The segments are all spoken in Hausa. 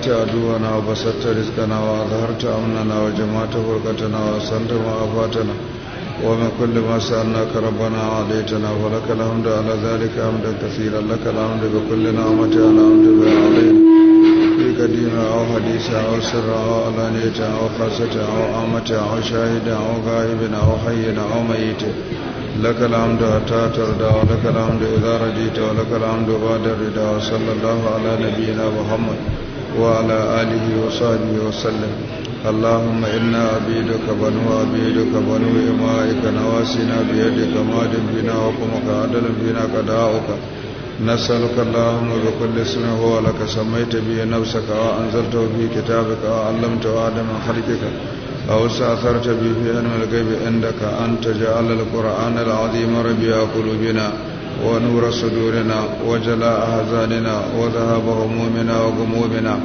أذلت عدونا وبسطت رزقنا وأظهرت أمننا وجمعت فرقتنا وأحسنت معافاتنا ومن كل ما سألناك ربنا عليتنا ولك الحمد على ذلك حمدا كثيرا لك الحمد بكل نعمة على حمد بها علينا في قديمة أو حديث أو سر أو علانية أو خاصة أو عامة أو شاهد أو غائب أو حي أو ميت لك الحمد حتى ترضى ولك الحمد إذا رجيت ولك الحمد بعد الرضا وصلى الله على نبينا محمد وعلى آله وصحبه وسلم اللهم إنا عبيدك بنو عبيدك بنو إمائك نواسنا بيدك ماد بنا وقمك عدل بنا قداؤك نسألك اللهم بكل اسم هو لك سميت به نفسك وأنزلته في كتابك وعلمته آدم خلقك أو سأثرت به في علم الغيب عندك أن تجعل القرآن العظيم ربيع قلوبنا ونور صدورنا وجلاء أحزاننا وذهب همومنا وغمومنا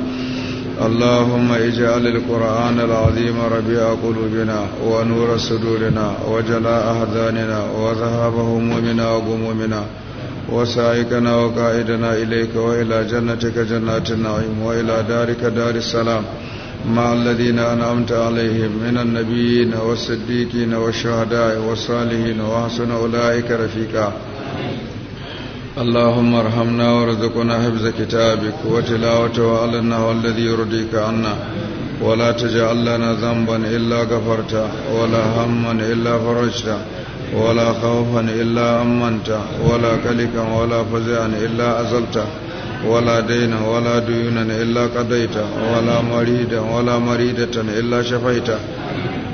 اللهم اجعل القرآن العظيم ربيع قلوبنا ونور صدورنا وجلاء أحزاننا وذهب همومنا وغمومنا وسائقنا وقائدنا إليك وإلى جنتك جنات النعيم وإلى دارك دار السلام مع الذين أنعمت عليهم من النبيين والصديقين والشهداء والصالحين وحسن أولئك رفيقا اللهم ارحمنا وارزقنا حفظ كتابك وتلاوته علنا والذي يرضيك عنا ولا تجعل لنا ذنبا إلا غفرته ولا هما إلا فرجته ولا خوفا إلا أمنته ولا كلكا ولا فزعا إلا أزلته ولا دينا ولا ديونا إلا قضيته ولا مريدا ولا مريدة إلا شفيته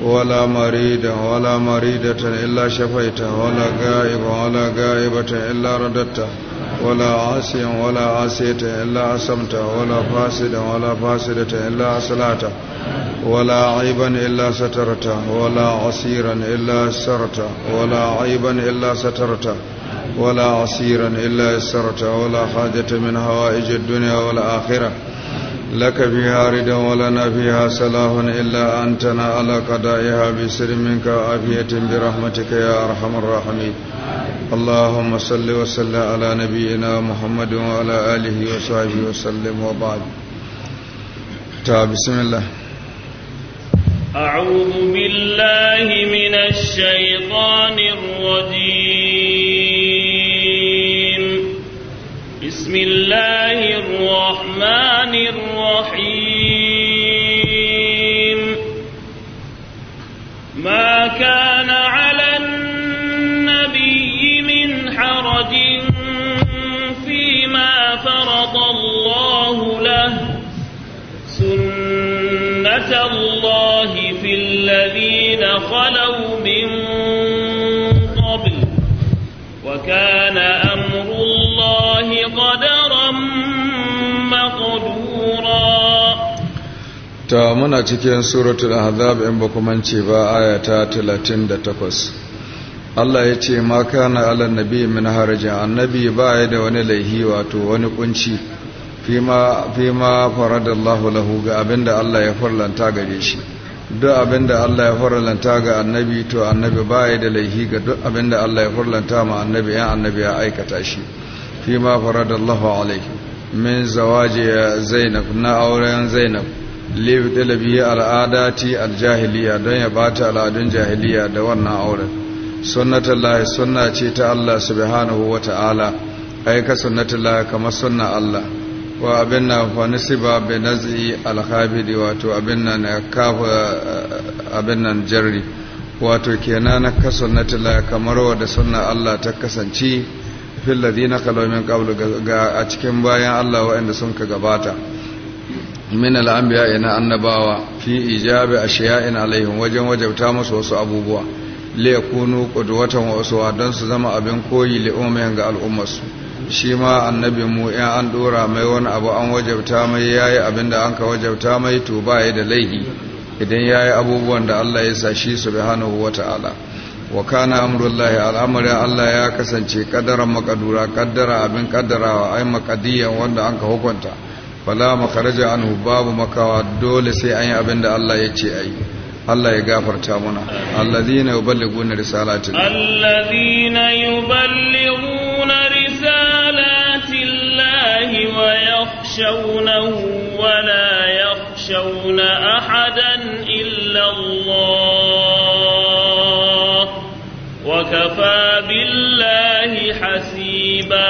ولا مريد ولا مريدة إلا شفيته ولا غائب ولا غائبة إلا رددته ولا عاصيا ولا عاصية إلا عصمته ولا فاسدا ولا فاسدة إلا أصلاته ولا عيبا إلا سترته ولا عسيرا إلا يسرته ولا عيبا إلا سترته ولا عسيرا إلا يسرته ولا حاجة من هوائج الدنيا والآخرة لك فيها ردا ولنا فيها سلاه إلا أنتنا على قدائها بسر منك وعافية برحمتك يا أرحم الراحمين اللهم صل وسلم على نبينا محمد وعلى آله وصحبه وسلم وبعد تا بسم الله أعوذ بالله من الشيطان الرجيم بسم الله الرحمن الرحيم ما كان على النبي من حرج فيما فرض الله له سنة الله في الذين خلوا من قبل وكان قدرا مقدورا ta muna cikin suratul ahzab in ba kuma ce ba aya ta 38 Allah ya ce ma kana ala nabi min harajin annabi ba ya da wani laihi wato wani kunci fima fima faradallahu lahu ga abinda Allah ya farlanta gare shi duk abinda Allah ya farlanta ga annabi to annabi ba ya da laihi ga duk abinda Allah ya farlanta ma annabi ya annabi ya aikata shi fi ma faradallahu alaihi min zawaji zainab na auren zainab lebi dalabi al'adati aljahiliya don ya bata al'adun jahiliya da wannan auren sunnatullahi sunna ce ta Allah subhanahu wa ta'ala ai ka sunnatullahi kamar sunna Allah wa abin na fanisi ba bai nazi alhabidi wato abin na kafa abin nan jarri wato kenan na ka sunnatullahi kamar wadda sunna Allah ta kasance fillazi na kalomin kablu ga a cikin bayan Allah waɗanda sun ka gabata min al'ambiya ina annabawa fi ijabi a shaya'in alaihim wajen wajabta musu wasu abubuwa le kunu watan wasu don su zama abin koyi li'umiyan ga al'ummarsu shi ma annabin mu in an dora mai wani abu an wajabta mai yayi abin da an ka wajabta mai to ba da laihi idan yayi abubuwan da Allah ya sa shi subhanahu ta'ala. wa kana amrullahi al'amari Allah ya kasance kaddara makadura kaddara abin kaddarawa ai makadiyan wanda an hukunta fala makaraja anhu babu makawa dole sai an yi abin da Allah ya ce ai Allah ya gafarta muna allazina yuballighuna risalatin allazina yuballighuna risalatillahi wa yakhshawnahu wa la yakhshawna ahadan illa Allah وكفى بالله حسيبا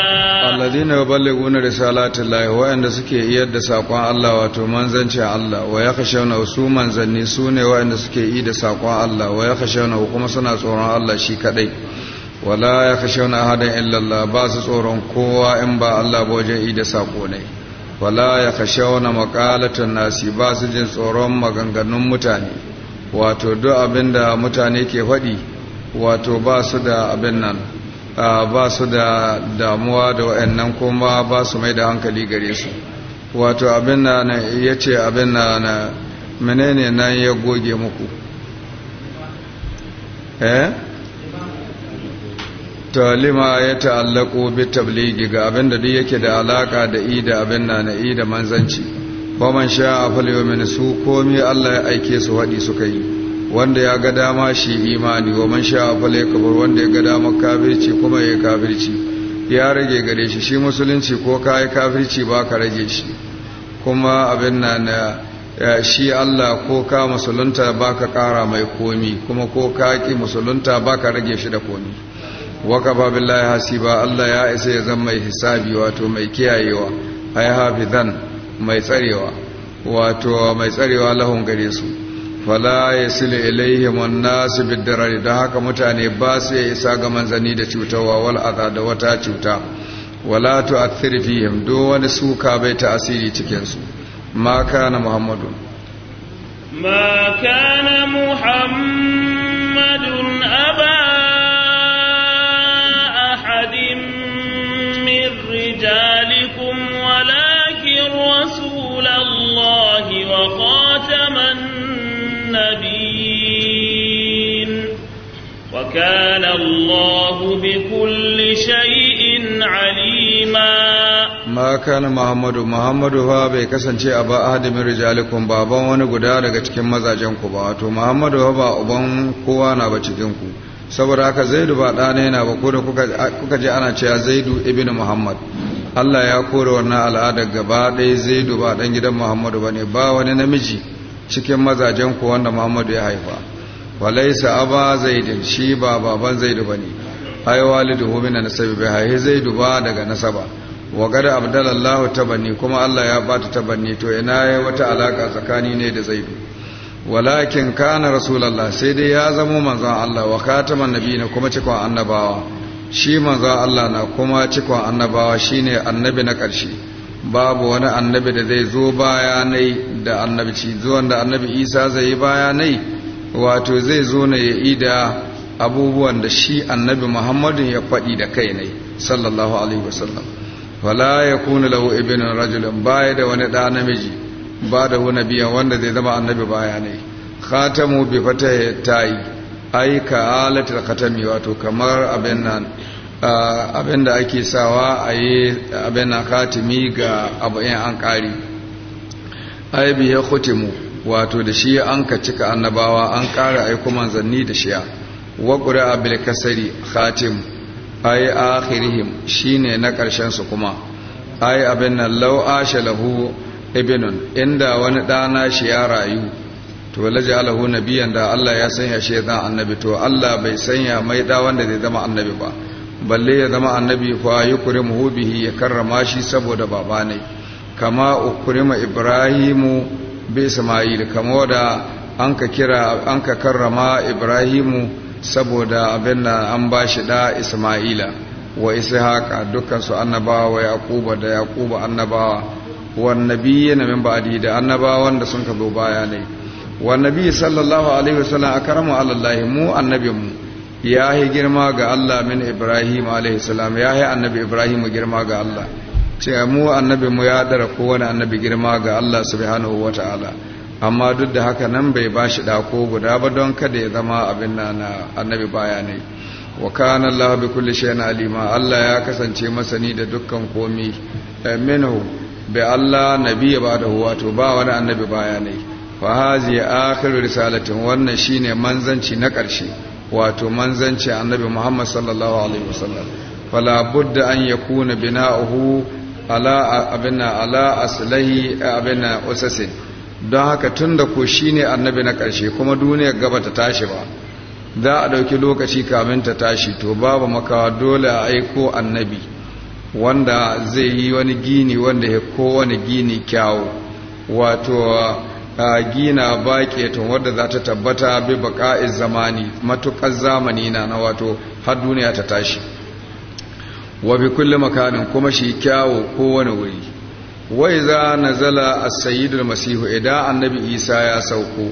الذين يبلغون رسالات الله وان suke iyar da sakon Allah wato manzancin Allah wa yakhshawna su manzanni sune wa'anda suke yi da sakon Allah wa yakhshawna kuma suna tsoron Allah shi kadai wala yakhshawna ahadan illa Allah ba su tsoron kowa in ba Allah ba wajen yi da sako ne nasi ba su jin tsoron maganganun mutane wato duk abinda mutane ke faɗi wato ba su da abin nan ba su da damuwa da wa'annan kuma ba su mai da hankali gare su wato abin nan ya ce abin nan menene nan ya goge muku eh talima ya ta'allaku bi tabligi ga abin da duk yake da alaka da i da abin nan i da manzanci wa man sha'a min su komi Allah ya aike su wadi suka yi wanda ya ga dama shi imani wa man fa fale kabar wanda ya ga dama kafirci kuma ya kafirci ya rage gare shi shi musulunci ko ka yi kafirci ba ka rage shi kuma abin na na shi Allah ko ka musulunta ba ka kara mai komi kuma ko ka ki musulunta ba ka rage shi da komi waka ba billahi hasiba Allah ya isa ya zama mai hisabi wato mai kiyayewa ai hafizan mai tsarewa wato mai tsarewa lahun gare su fala ya sile ilaihim annasu bidarari da haka mutane ba su ya isa ga manzani da cutarwa wal adha da wata cuta wala tu'athir fihim do wani suka bai ta asiri cikin su ma kana muhammadu ma kana muhammadun aba ahadin min rijalikum walakin rasulallahi wa qataman نبي وكان الله بكل شيء عليما muhammadu muhammadu fa bai kasance a ba ahadimin rijalikum ban wani guda daga cikin mazajen ku ba to muhammadu fa ba uban kowa na ba cikin ku saboda haka zaidu ba da ne na ba ko da kuka ji ana cewa zaidu ibn muhammad Allah ya kore wannan al'adar gaba ɗaya zaidu ba dan gidan muhammadu bane ba wani namiji cikin mazajen ku wanda Muhammadu ya haifa walaysa aba zaidin shi ba baban zaidu bane ai walidu min nasabi bai haifi zaidu ba daga nasaba wa gada abdallahu tabanni kuma Allah ya bata tabanni to ina yayi wata alaka tsakani ne da zaidu walakin kana rasulullah sai dai ya zama manzon Allah wa khataman nabiyina kuma cikon annabawa shi manzon Allah na kuma cikon annabawa shine annabi na ƙarshe babu wani annabi da zai zo bayanai da annabci zuwan da annabi isa zai yi bayanai wato zai zo ne ya ida abubuwan da shi annabi Muhammadu ya faɗi da kai ne sallallahu alaihi wasallam wala ya kuna lahu ibn rajulun baya da wani ɗa namiji ba da wani biyan wanda zai zama annabi bayanai khatamu bi fata tayi ai ka alatul khatami wato kamar abin nan Ah, abin da ake sawa a yi abin na katimi ga abin an ƙari aibi ya kutimu wato da shi an ka cika annabawa an ƙara aiku manzanni da shiya wa ƙura katim kasari khatim ai akhirihim shine na ƙarshen su kuma ai abin nan law asha lahu ibinun inda wani ɗana shi ya rayu to laji alahu nabiyan da Allah ya sanya shi zan annabi to Allah bai sanya mai ɗa wanda zai zama annabi ba balle ya zama annabi fa yukrimuhu bihi ya karrama shi saboda baba ne kama ukrima ibrahimu bi isma'il kama da an ka kira an karrama ibrahimu saboda abin da an shi da isma'ila wa ishaqa dukkan su annabawa wa yaquba da yaquba annabawa wa nabiyina min ba'di da annabawan wanda sun ka zo baya ne wa nabi sallallahu alaihi wasallam akramu alallahi mu annabinmu ya yi girma ga Allah min Ibrahim a.s. ya yi annabi Ibrahim girma ga Allah ce mu annabi mu ya dara kowane annabi girma ga Allah subhanahu wa ta'ala amma duk da haka nan bai ba shi dako guda ba don kada ya zama abin na annabi baya ne wa kana Allah bi kulli shay'in alima Allah ya kasance masani da dukkan komi Aminu eh, bi Allah nabi ba da huwa ba wani annabi bayanai. ne fa hazi akhiru risalatin wannan shine manzanci na karshe wato manzanci annabi Muhammad sallallahu alaihi wasallam fala budda an yakuna bina'uhu ala abinna ala aslahi abinna usasin don haka tunda ko shine annabi na karshe kuma duniyar gaba ta tashi ba za a ɗauki lokaci kamin ta tashi to babu makawa dole a aiko annabi wanda zai yi wani gini wanda ya kowane gini kyawu wato gina tun wadda za ta tabbata bi baƙa'iz zamani matuƙar zamani na na wato har duniya ta tashi wa bi kulli makanin kuma shi kyawo kowane wuri wai za na zala a sayyidul masihu idan annabi isa ya sauko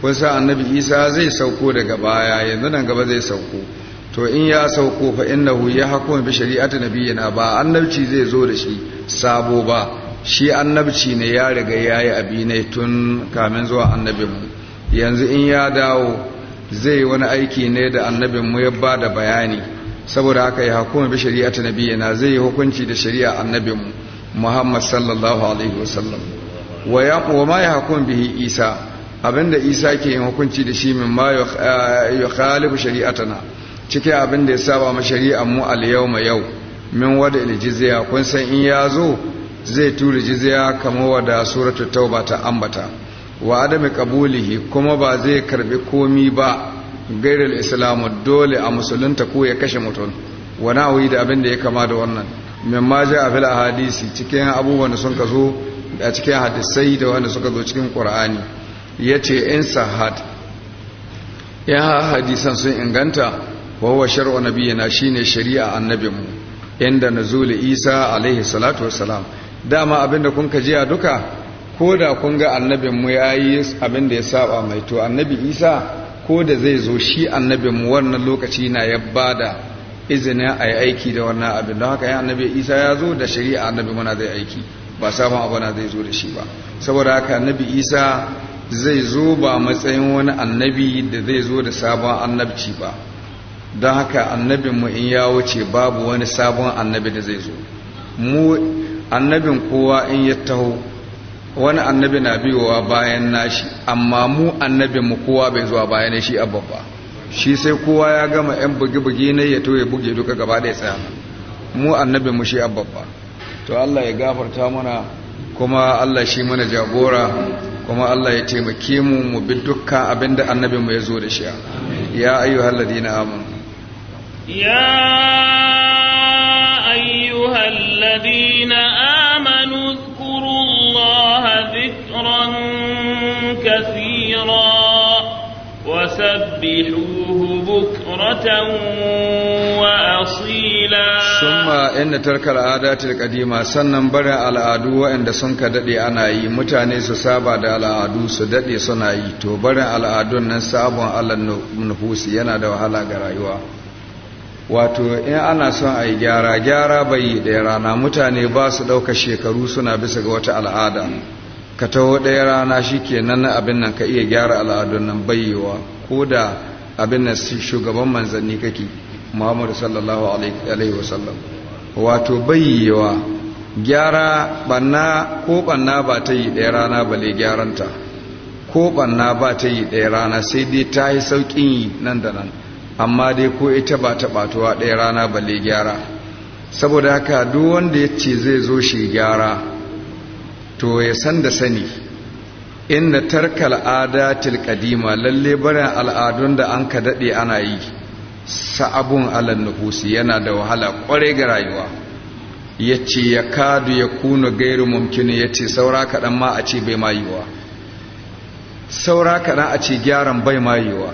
kun sa annabi isa zai sauko daga baya yanzu nan gaba zai sauko to in ya sauko fa innahu ya hukuma bi shari'ati nabiyina ba annabci zai zo da shi sabo ba shi annabci ne ya riga ya yi abinai tun kamin zuwa annabinmu yanzu in ya dawo zai wani aiki ne da annabinmu ya ba da bayani saboda haka ya hukuma bi shari'a ta yana zai yi hukunci da shari'a annabinmu muhammad sallallahu alaihi wasallam wa ma ya hukuma bihi isa abinda isa ke yin hukunci da shi min ma ya khalifu shari'atana cikin abinda ya saba ma shari'a mu al yau min wada iljiziya kun san in ya zo zai tura jizya kamar wada suratu tauba ta ambata wa adami kabulihi kuma ba zai karbi komi ba gairar islamu dole a musulunta ko ya kashe mutum wa na'uhi da abin da ya kama da wannan mimma a fila hadisi cikin abubuwan da sun ka zo a cikin hadisai da wanda suka zo cikin qur'ani yace in sahad ya hadisan sun inganta wa huwa shar'u nabiyina shine shari'a annabinmu inda nazuli isa alaihi salatu wassalam dama abinda kun ka jiya duka ko da kun ga annabin mu yayi abinda ya saba mai to annabi Isa ko da zai zo shi annabin mu wannan lokaci na ya da izinin yi aiki da wannan abin don haka ya annabi Isa ya zo da shari'a annabi muna zai aiki ba sabon abu zai zo da shi ba saboda haka annabi Isa zai zo ba matsayin wani annabi da zai zo da sabon annabci ba don haka annabinmu in ya wuce babu wani sabon annabi da zai zo mu annabin kowa in ya taho wani annabi na biyowa bayan nashi amma mu annabin mu kowa bai zuwa bayan shi babba shi sai kowa ya gama yan bugi-bugi ne ya to ya buge duka gaba da ya tsaya mu annabin mu shi babba to Allah ya gafarta mana kuma Allah shi mana jagora kuma Allah ya taimake mu mu bi dukkan abinda annabin mu ya zo da shi ya ayyuhal ladina amanu ya أيها الذين آمنوا اذكروا الله ذكرا كثيرا وسبحوه بكرة وأصيلا ثم إن ترك العادات القديمة سنن برع العدو وإن سنك ددي أنا أي متاني سسابة دا العدو سددي سنعي تو برع العدو نسابة على النفوس ينا دا وحلا قرأيوه wato in ana son a yi gyara gyara bai yi ɗaya rana mutane ba su ɗauka shekaru suna bisa ga wata al'ada ka taho ɗaya rana shi ke nan abin nan ka iya gyara al'adun nan bayyewa ko da abin nan shugaban manzanni kake muhammadu sallallahu alaihi wasallam wato bayyewa gyara banna ko banna ba ta yi ɗaya rana bale gyaranta ko banna ba ta yi ɗaya rana sai dai ta yi sauƙin yi nan da nan amma dai ko ita ba ta batuwa ɗaya rana balle gyara saboda haka duk wanda ya ce zai zo shi gyara to ya san da sani inda tarka al'ada tilkadima lalle barin al'adun da an ka daɗe ana yi sa'abun alal nufusi yana da wahala ƙwarai ga rayuwa ya ce ya kadu ya kuna gairu mumkini ya ce saura kaɗan ma a ce bai mayuwa. saura kaɗan a ce gyaran bai mayuwa.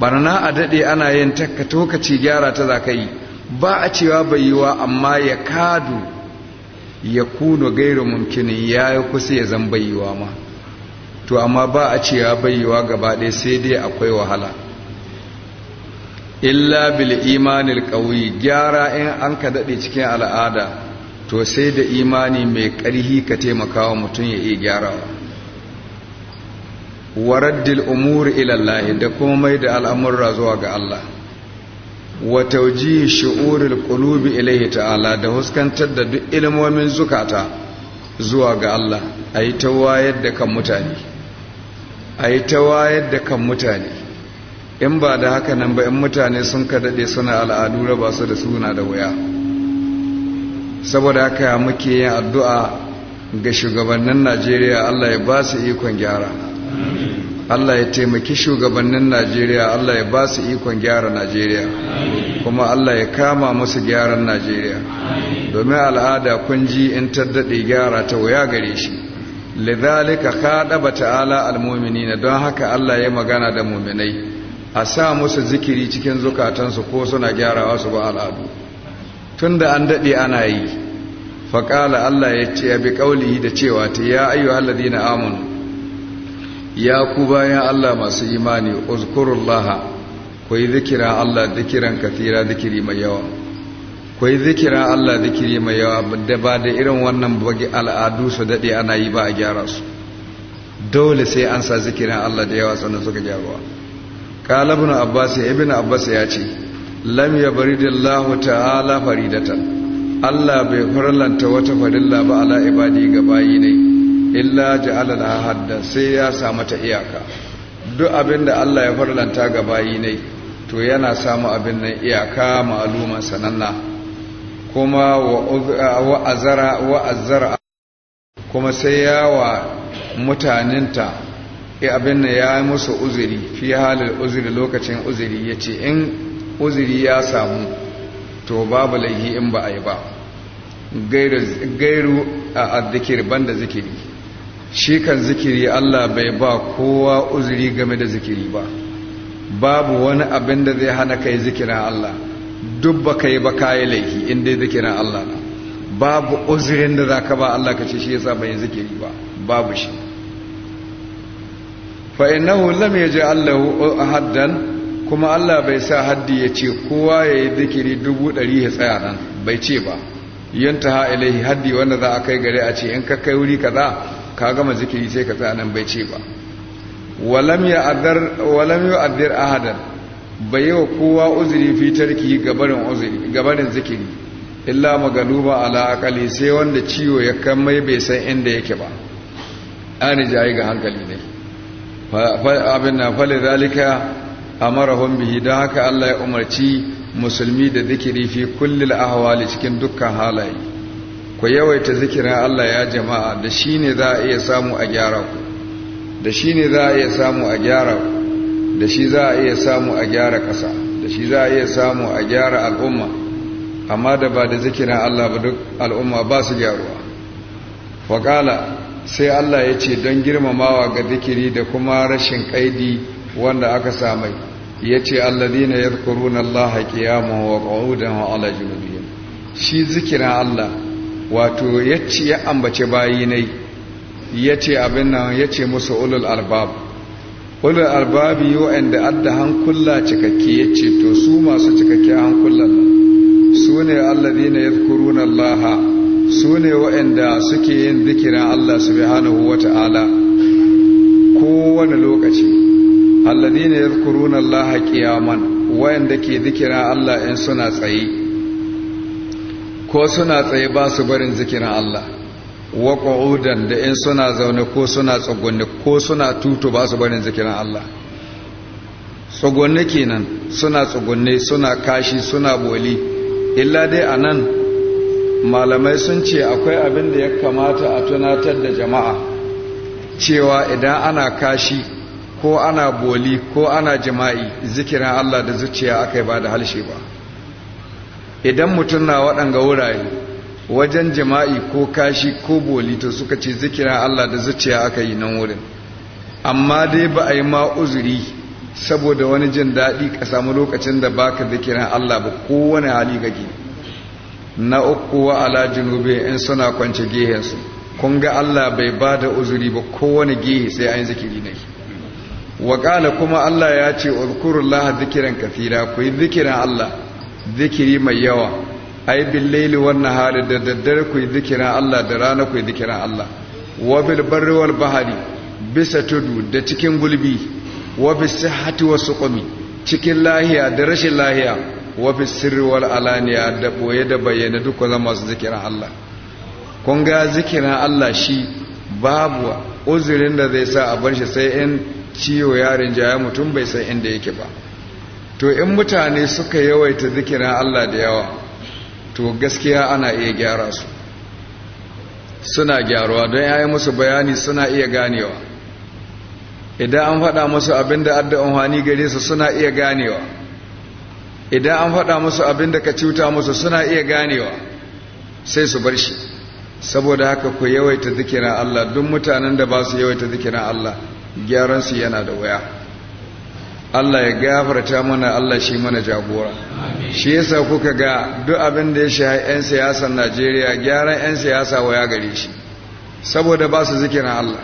barna a daɗe ana yin takka tokaci gyara ta za ka ba a cewa bai yi wa amma ya kadu ya kuno gairu mumkinin ya yi kusa ya zan bai yi wa ma to amma ba a cewa bai yi wa gaba ɗaya sai dai akwai wahala illa bil imanil ƙauyi gyara in an ka daɗe cikin al'ada to sai da imani mai ƙarhi ka taimaka wa mutum ya iya gyarawa waraddil umuri ilallahi da kuma mai da al'amurra zuwa ga Allah wa taujihi shu'uril qulubi ilaihi ta'ala da huskantar da duk ilmomin zukata zuwa ga Allah ayi ta da kan mutane ayi ta wayar da kan mutane in ba da haka nan ba in mutane sun ka dade suna al'adu ba su da suna da wuya saboda haka muke yin addu'a ga shugabannin Najeriya Allah ya ba su ikon gyara Allah ya taimaki shugabannin Najeriya Allah ya ba su ikon gyara Najeriya kuma Allah ya kama musu gyaran Najeriya domin al'ada kun ji in ta daɗe gyara ta wuya gare shi lidhalika khadaba ta'ala almu'minina don haka Allah ya magana da mu'minai a sa musu zikiri cikin zukatansu ko suna gyarawa su ba al'adu tunda an daɗe ana yi faƙala Allah ya ce bi qaulihi da cewa ta ya ayyuhallazina amanu ya ku bayan Allah masu imani uzkurullaha ku yi zikira Allah zikiran kafira zikiri mai yawa ku yi zikira Allah zikiri mai yawa da ba da irin wannan bagi al'adu su daɗe ana yi ba a gyara su dole sai an sa zikirin Allah da yawa sannan suka gyaruwa kala ibn abbas ibn abbas ya ce lam yabridillahu ta'ala faridatan Allah bai farlanta wata farilla ba ala ibadi ga bayi ne illa ja'ala laha haddan sai ya sa mata iyaka duk abinda Allah ya farlanta ga bayi ne to yana samu abin nan iyaka ma'aluman sananna kuma wa azara wa azara kuma sai mutaninta e abin da ya musu uzuri fi halin uzuri lokacin uzuri ya ce in uzuri ya samu to babu laihi in ba a yi ba gairu a addikir banda zikiri shi kan zikiri Allah bai ba kowa uzuri game da zikiri ba babu wani abin da zai hana kai zikirin Allah duk ba kai ba kayi laifi in dai zikirin Allah na babu uzurin da za ka ba Allah ka ce shi yasa bai zikiri ba babu shi fa innahu lam yaji Allah haddan kuma Allah bai sa haddi ya ce kowa ya yi zikiri dubu ɗari ya tsaya nan bai ce ba ha ilaihi haddi wanda za a kai gare a ce in ka kai wuri kaza ka gama zikiri sai ka tsaya nan bai ce ba walam yu'addir ahadan bai yi wa kowa uzuri fi tarki gabarin zikiri illa magaluba ala akali sai wanda ciwo ya kan bai san inda yake ba an jayi ga hankali ne abin na fali zalika a marahun bihi don haka allah ya umarci musulmi da zikiri fi kullil ahwali cikin dukkan halaye ku yawaita zikirin Allah ya jama'a da shi ne za a iya samu a gyara ku da shi ne za a iya samu a gyara ku da shi za a iya samu a gyara ƙasa da shi za a iya samu a gyara al'umma amma da ba da zikirin Allah ba duk al'umma ba su gyaruwa waƙala sai Allah ya ce don girmamawa ga zikiri da kuma rashin ƙaidi wanda aka samai ya ce allazina yadhkuruna Allah qiyaman wa qu'udan wa ala junubihim shi zikirin Allah wato yace ya ambace bayi nai ce abin nan ya ce musu ulul albab ulul albab wa'anda adda hankula cikakke ce to su masu cikakke hankulan su ne alladina yadhkuruna Laha su ne wa'anda suke yin zikirin Allah subhanahu wata'ala kowane lokaci alladina yadhkuruna allaha qiyaman wa'anda ke zikirin Allah in suna tsaye ko suna tsaye ba su barin zikirin Allah wa qu'udan da in suna zaune ko suna tsugunne ko suna tutu ba su barin zikirin Allah tsugunne kenan suna tsugunne suna kashi suna boli illa dai anan malamai sun ce akwai abin da ya kamata a tunatar da jama'a cewa idan ana kashi ko ana boli ko ana jima'i zikirin Allah da zuciya aka yi ba da halshe ba idan mutum na waɗanga wurare wajen jima'i ko kashi ko boli to suka ce zikira Allah da zuciya aka yi nan wurin amma dai ba a yi ma uzuri saboda wani jin daɗi ka samu lokacin da baka zikira Allah ba kowane hali gage na uku wa ala junube in suna kwance gehensu kun ga Allah bai ba da uzuri ba kowane gehe sai an zikiri ne wa kuma Allah ya ce uzkurullaha zikiran kafira ku yi zikiran Allah zikiri mai yawa ai bil laili wan nahari da daddare ku zikira Allah da rana ku zikira Allah wa bil bahari bisa tudu da cikin gulbi wa bis sihhati was suqmi cikin lahiya da rashin lahiya wa bis sirri alaniya da boye da bayyana duk zan masu zikira Allah kun ga Allah shi babu uzurin da zai sa a bar shi sai in ciwo yarin jaya mutum bai san inda yake ba to in mutane suka yawaita zikirin Allah da yawa to gaskiya ana iya gyara su suna gyaruwa don ya yi musu bayani suna iya ganewa idan an faɗa musu abin da adda amfani gare su suna iya ganewa idan an faɗa musu abin da ka cuta musu suna iya ganewa sai su bar shi saboda haka ku yawaita zikirin Allah duk mutanen da ba su yawaita zikirin Allah gyaransu yana da waya. Allah ya gafarta mana Allah shi mana jagora shi yasa kuka ga duk abin da ya shi 'yan siyasar Najeriya gyaran 'yan siyasa waya gare shi saboda ba su zikirin Allah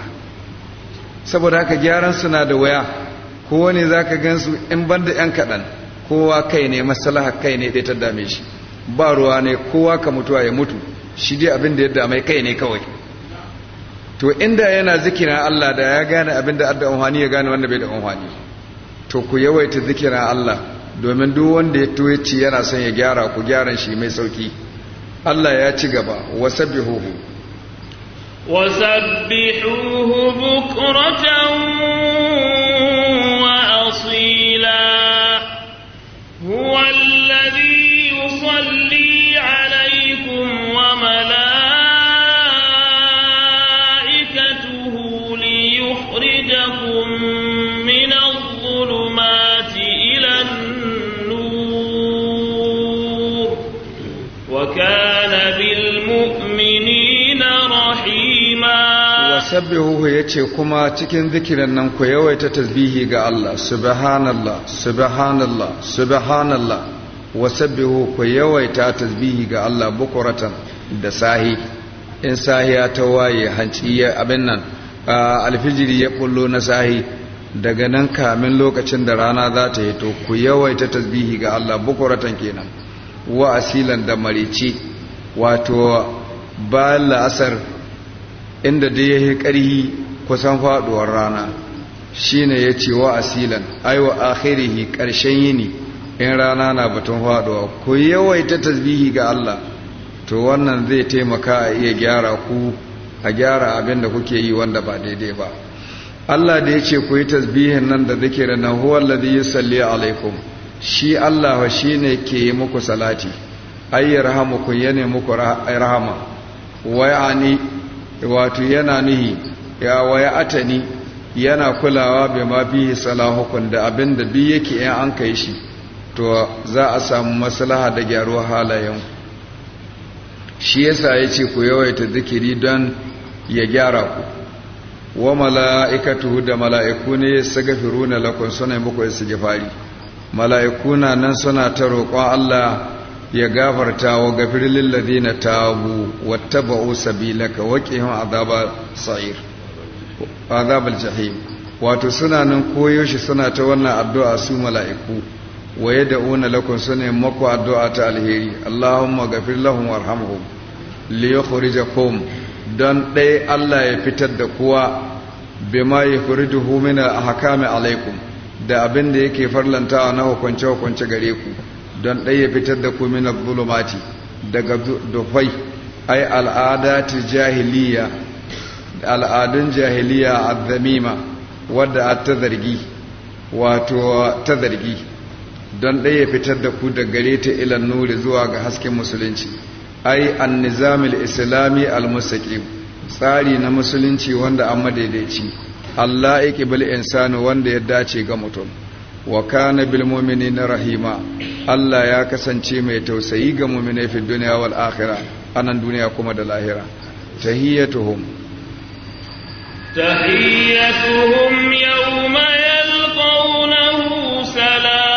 saboda haka gyaran suna da waya kowane za ka gansu in ban da 'yan kaɗan kowa kai ne masalaha kai ne ɗaya ta dame shi ba ruwa ne kowa ka mutuwa ya mutu shi dai abin da ya dame kai ne kawai to inda yana zikirin Allah da ya gane abin da adda unhani ya gane wanda bai da unhani to ku yawaita zikirin Allah domin duk wanda ya to yana son ya gyara ku gyaran shi mai sauki Allah ya ci gaba wasabbihuhu wasabbihuhu bukratan wa asila huwa sabbihuhu yace kuma cikin zikirin nan ku yawaita tasbihi ga Allah subhanallah subhanallah subhanallah wa sabbihu ku yawaita tasbihi ga Allah bukuratan da sahi in sahi ta waye hanci ya abin nan alfijiri ya kullo na sahi daga nan kamin lokacin da rana za ta hito ku yawaita tasbihi ga Allah bukuratan kenan wa asilan da marici wato bayan la'asar inda da ya yi ƙarhi kusan faɗuwar rana shi ne ya ce wa asilan aiwa akhirihi ƙarshen yini in rana na batun faɗuwa ku yawaita tasbihi ga Allah to wannan zai taimaka a iya gyara ku a gyara abin da kuke yi wanda ba daidai ba Allah da ya ce ku yi tasbihin nan da zikirin nan huwa alladhi yusalli alaikum shi Allah wa ne ke yi muku salati ay yarhamukum yana muku rahama wa yani wato yana nuhi ya waya atani yana kulawa bai ma bihi salahukun da abin da bi yake in an kai shi to za a samu maslaha da gyaruwa halayen shi yasa ya ce ku yawaita zikiri don ya gyara ku wa mala'ikatu da mala'iku ne runa lakon suna muku Mala'iku na nan suna ta roƙon Allah ya gafarta wa gafirilin ladina tabu wattaba'u sabilaka ka waƙe sa'ir jahim wato suna nan koyo shi suna ta wannan addu'a su mala'iku wa lakon lakum sunna mako addu'a ta alheri Allahumma ghafir lahum warhamhum li jakom don ɗaya Allah ya fitar da kuwa bima a haka ahkami alaikum da abin da yake farlantawa na hukunce hukunce gare ku don ɗaya fitar da ku min zulumati daga dufai ai al'adati jahiliya al'adun jahiliya zamima wadda ta zargi wato ta zargi don ɗaya fitar da ku da gare ta ilan nuri zuwa ga hasken musulunci ai an nizamil islami al tsari na musulunci wanda an madaidaici Allah ya insani wanda ya dace ga mutum wa kana bil mu'minina rahima Allah ya kasance mai tausayi ga mu'minai fi dunya wal akhirah anan duniya kuma da lahira tahiyyatuhum tahiyyatuhum yawma yalqawnahu salam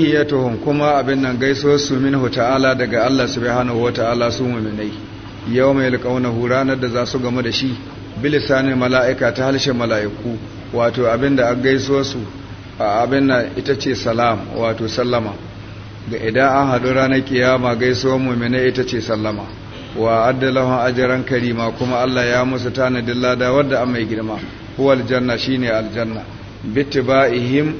tahiyyatuhum kuma abin nan gaiso su minhu ta'ala daga Allah subhanahu wata'ala su mu'minai yawma yalqawnahu ranar da za su gamu da shi bilisanin mala'ika ta halshen mala'iku wato abin da an gaiso su abin nan ita ce salam wato sallama ga idan an haɗu ranar kiyama gaiso mu'minai ita ce sallama wa addalahun ajiran karima kuma Allah ya musu tanadin lada wadda an mai girma huwa aljanna shine aljanna bitibaihim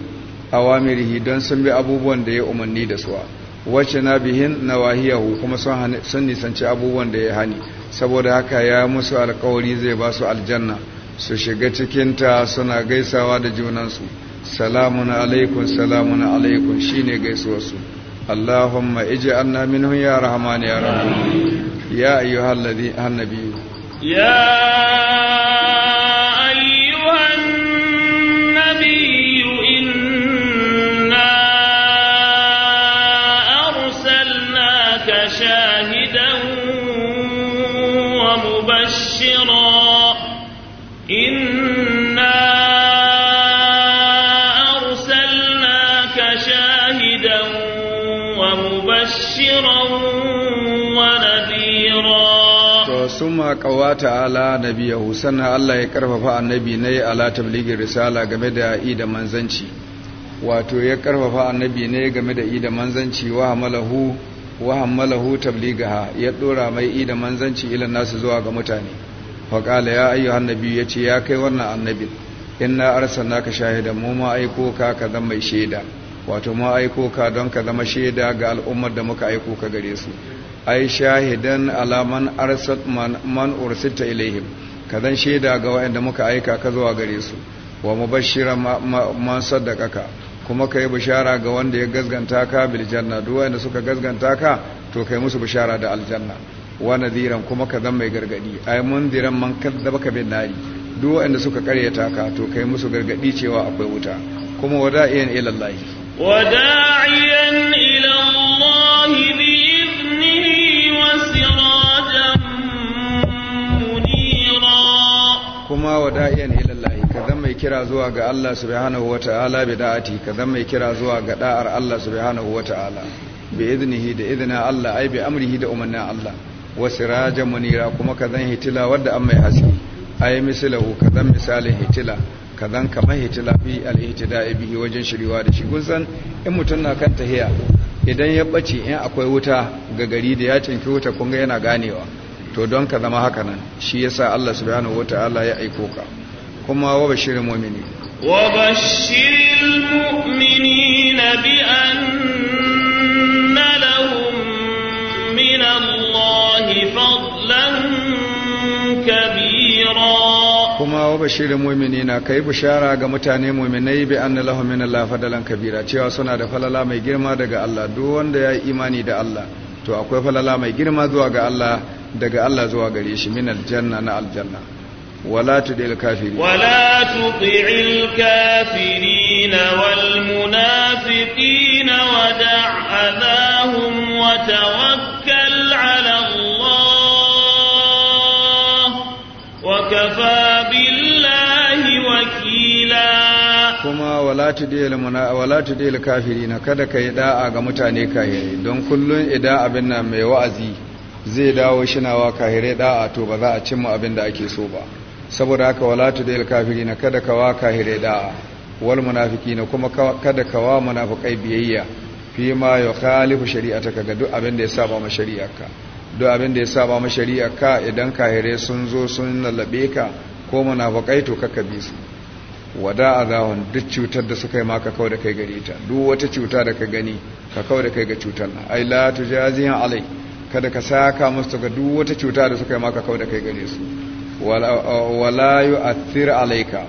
awamirihi don sun bi abubuwan da ya umarni da suwa wacce na bihin na wahiyahu kuma sun nisanci abubuwan da ya hani saboda haka ya musu alkawari zai ba su aljanna su shiga cikinta suna gaisawa da junansu salamun alaikun salamun alaikun ne gaisuwarsu allahumma iji anna minhum ya rahman ya rahama ya ayyuhal ladhi annabi ya wa ta'ala ala nabiyahu sannan Allah ya karfafa annabi ne ala tabligin risala game da i da manzanci wato ya karfafa annabi ne game da i da manzanci wa hamalahu wa hamalahu tabligaha ya dora mai i da manzanci ilan nasu zuwa ga mutane fa qala ya ayyuhan ya yace ya kai wannan annabi inna arsalnaka shahidan mu ma aiko ka ka zama mai shaida wato mu aiko ka don ka zama shaida ga al'ummar da muka aiko ka gare su ai shahidan alaman arsat man ursita ilaihim ka zan shaida ga wanda muka aika ka zuwa gare su wa mubashshira man saddaqaka kuma kai bishara ga wanda ya gazganta ka bil janna duk wanda suka gazganta ka to kai musu bishara da aljanna wa nadhiran kuma ka zan mai gargadi ai mundiran man baka bin nari duk wanda suka karyata ka to kai musu gargadi cewa akwai wuta kuma wada'iyan ila Allah wada'iyan ila Allah da'iyan ilallahi ka zan mai kira zuwa ga Allah subhanahu wa ta'ala bi da'ati ka zan mai kira zuwa ga da'ar Allah subhanahu wa ta'ala bi iznihi da izna Allah ai bi amrihi da umarnin Allah wasu sirajan munira kuma ka zan hitila wadda an mai haske ai misalahu ka zan misalin hitila ka zan kamar hitila fi al-ihtida'i bihi wajen shirwa da shi kun san in mutum na kan tahiya idan ya bace in akwai wuta ga gari da ya cinki wuta kun ga yana ganewa to don ka zama haka nan shi yasa Allah subhanahu ta'ala ya aiko ka kuma wa bashirin mu'mini wa bashiril mu'minina bi anna lahum min Lohi fadlan kabira kuma wa bashirin mu'minina kai bishara ga mutane mu'minai bi anna lahum min Allah fadlan kabira cewa suna da falala mai girma daga Allah duk wanda ya yi imani da Allah to akwai falala mai girma zuwa ga Allah daga Allah zuwa gare shi min aljanna na aljanna wala tudil kafiri wala tuti'il kafirin wal munafiqin wa adahum wa tawakkal 'ala Allah wa kafa billahi wakila kuma wala tudil muna wala tudil kafirin kada kai da'a ga mutane kai don kullun ida abin nan mai wa'azi zai dawo shinawa kahirai da'a to ba za a cimma abin da ake so ba saboda haka wala tudil kafirina kada kawa kahirai da'a wal munafiqina kuma kada kawa munafiqai biyayya fi ma yukhalifu shari'ata ka duk abin da ya saba ma shari'arka duk abin da ya saba ma shari'arka idan kahirai sun zo sun lallabe ka ko munafiqai to kaka bi su wada azahun duk cutar da suka yi ma ka da kai gare ta duk wata cuta da ka gani ka da kai ga cutar ai la tujazihim alai kada ka saka musu ga duk wata cuta da suka yi maka kawai da kai gare su wala yu'athir alayka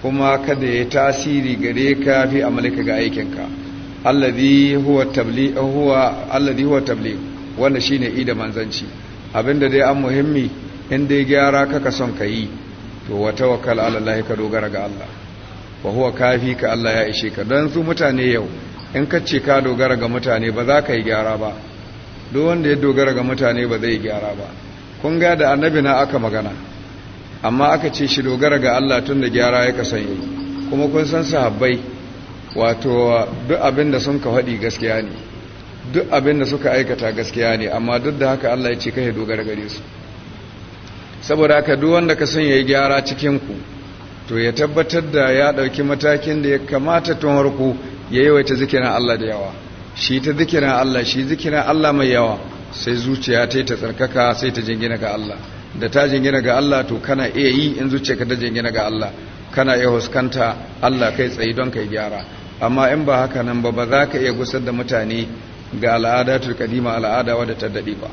kuma kada ya tasiri gare ka fi amalika ga aikinka alladhi huwa tabligh huwa alladhi huwa tabligh wanda shine ida manzanci abinda dai an muhimmi in dai gyara kaka son kai to wa tawakkal ala Allah ka dogara ga Allah wa huwa kafi ka Allah ya ishe ka dan su mutane yau in ka ce ka dogara ga mutane ba za ka yi gyara ba duk wanda ya dogara ga mutane ba zai gyara ba kun ga da annabi na aka magana amma aka ce shi dogara ga Allah tun da gyara ya kasance kuma kun san sahabbai wato duk abin da sun ka faɗi gaskiya ne duk abin da suka aikata gaskiya ne amma duk da haka Allah ya ce kai dogara gare su saboda haka duk wanda ka san yayi gyara cikin ku to ya tabbatar da ya dauki matakin da ya kamata tun harko yayi wata zikirin Allah da yawa shi ta zikira Allah shi zikira Allah mai yawa sai zuciya ta yi ta tsarkaka sai ta jingina ga Allah da ta jingina ga Allah to kana iya yi in zuciya ka ta jingina ga Allah kana iya huskanta Allah kai tsaye don kai gyara amma in ba haka nan ba ba za ka iya gusar da mutane ga al'ada al'adatul kadima al'ada wadda ta daɗe ba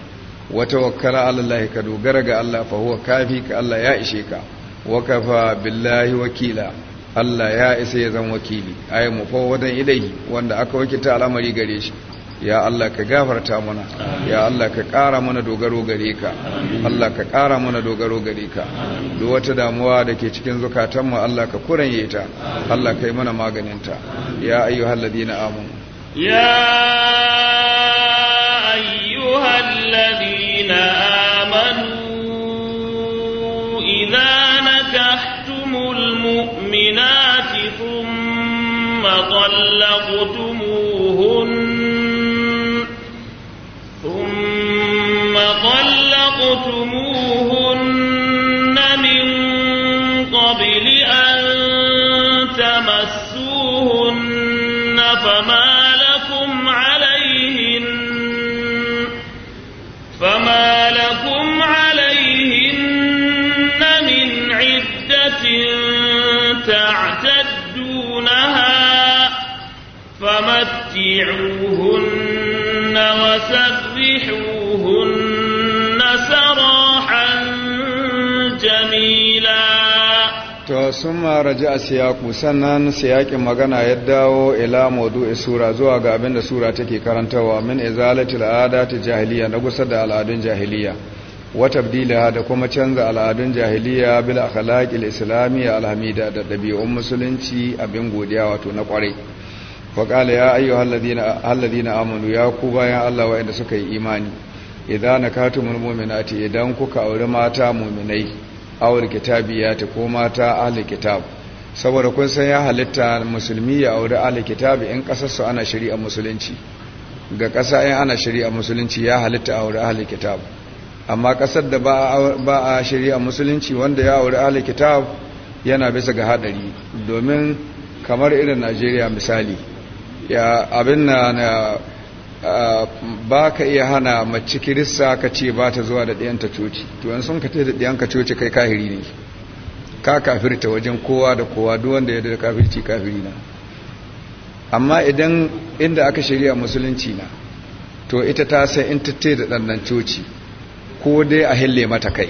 Wata tawakkala ala Allah ka dogara ga Allah fa huwa kafi ka Allah ya ishe ka wa kafa billahi wakila Allah ya isa ya zan wakili ayi mufawwadan ilahi wanda aka wakilta al'amari gare shi ya Allah ka gafarta mana ya Allah ka kara mana dogaro gare ka Allah ka ƙara mana dogaro gare ka duk wata damuwa da ke cikin zukatan mu Allah ka kuranye ta Allah ka yi mana ta ya ayyuhal ladina amanu ya ayyuhal ladina amanu idan nakah طلقتموهن ثم طلقتموهن فانكحوهن سراحا جميلا to sun raji a siyaku sannan siyakin magana ya dawo ila maudu'i sura zuwa ga abin da sura take karantawa min izalati ta jahiliya na gusa da al'adun jahiliya wa da kuma canza al'adun jahiliya bil akhlaqil islamiyya alhamida da dabi'un musulunci abin godiya wato na kwarai faƙala ya ayyuhal ladina amanu ya ku bayan Allah wa'anda suka yi imani idan nakatumul mu'minati idan kuka auri mata mu'minai ya ta ko mata ahli kitab saboda kun san ya halitta musulmi ya aure ahli kitab in kasar su ana shari'a musulunci ga kasa in ana shari'a musulunci ya halitta aure ahli kitab amma kasar da ba a shari'a musulunci wanda ya aure ahli kitab yana bisa ga hadari domin kamar irin Najeriya misali ya abin na ba ka iya hana mace kirista ka ce ba ta zuwa da ɗiyanta coci to yan sun ka da ɗiyanka coci kai kahiri ne ka kafirta wajen kowa da kowa duk wanda ya da kafirci kafiri na amma idan inda aka shirya musulunci na to ita ta san in tattai da ɗannan coci ko dai a hille mata kai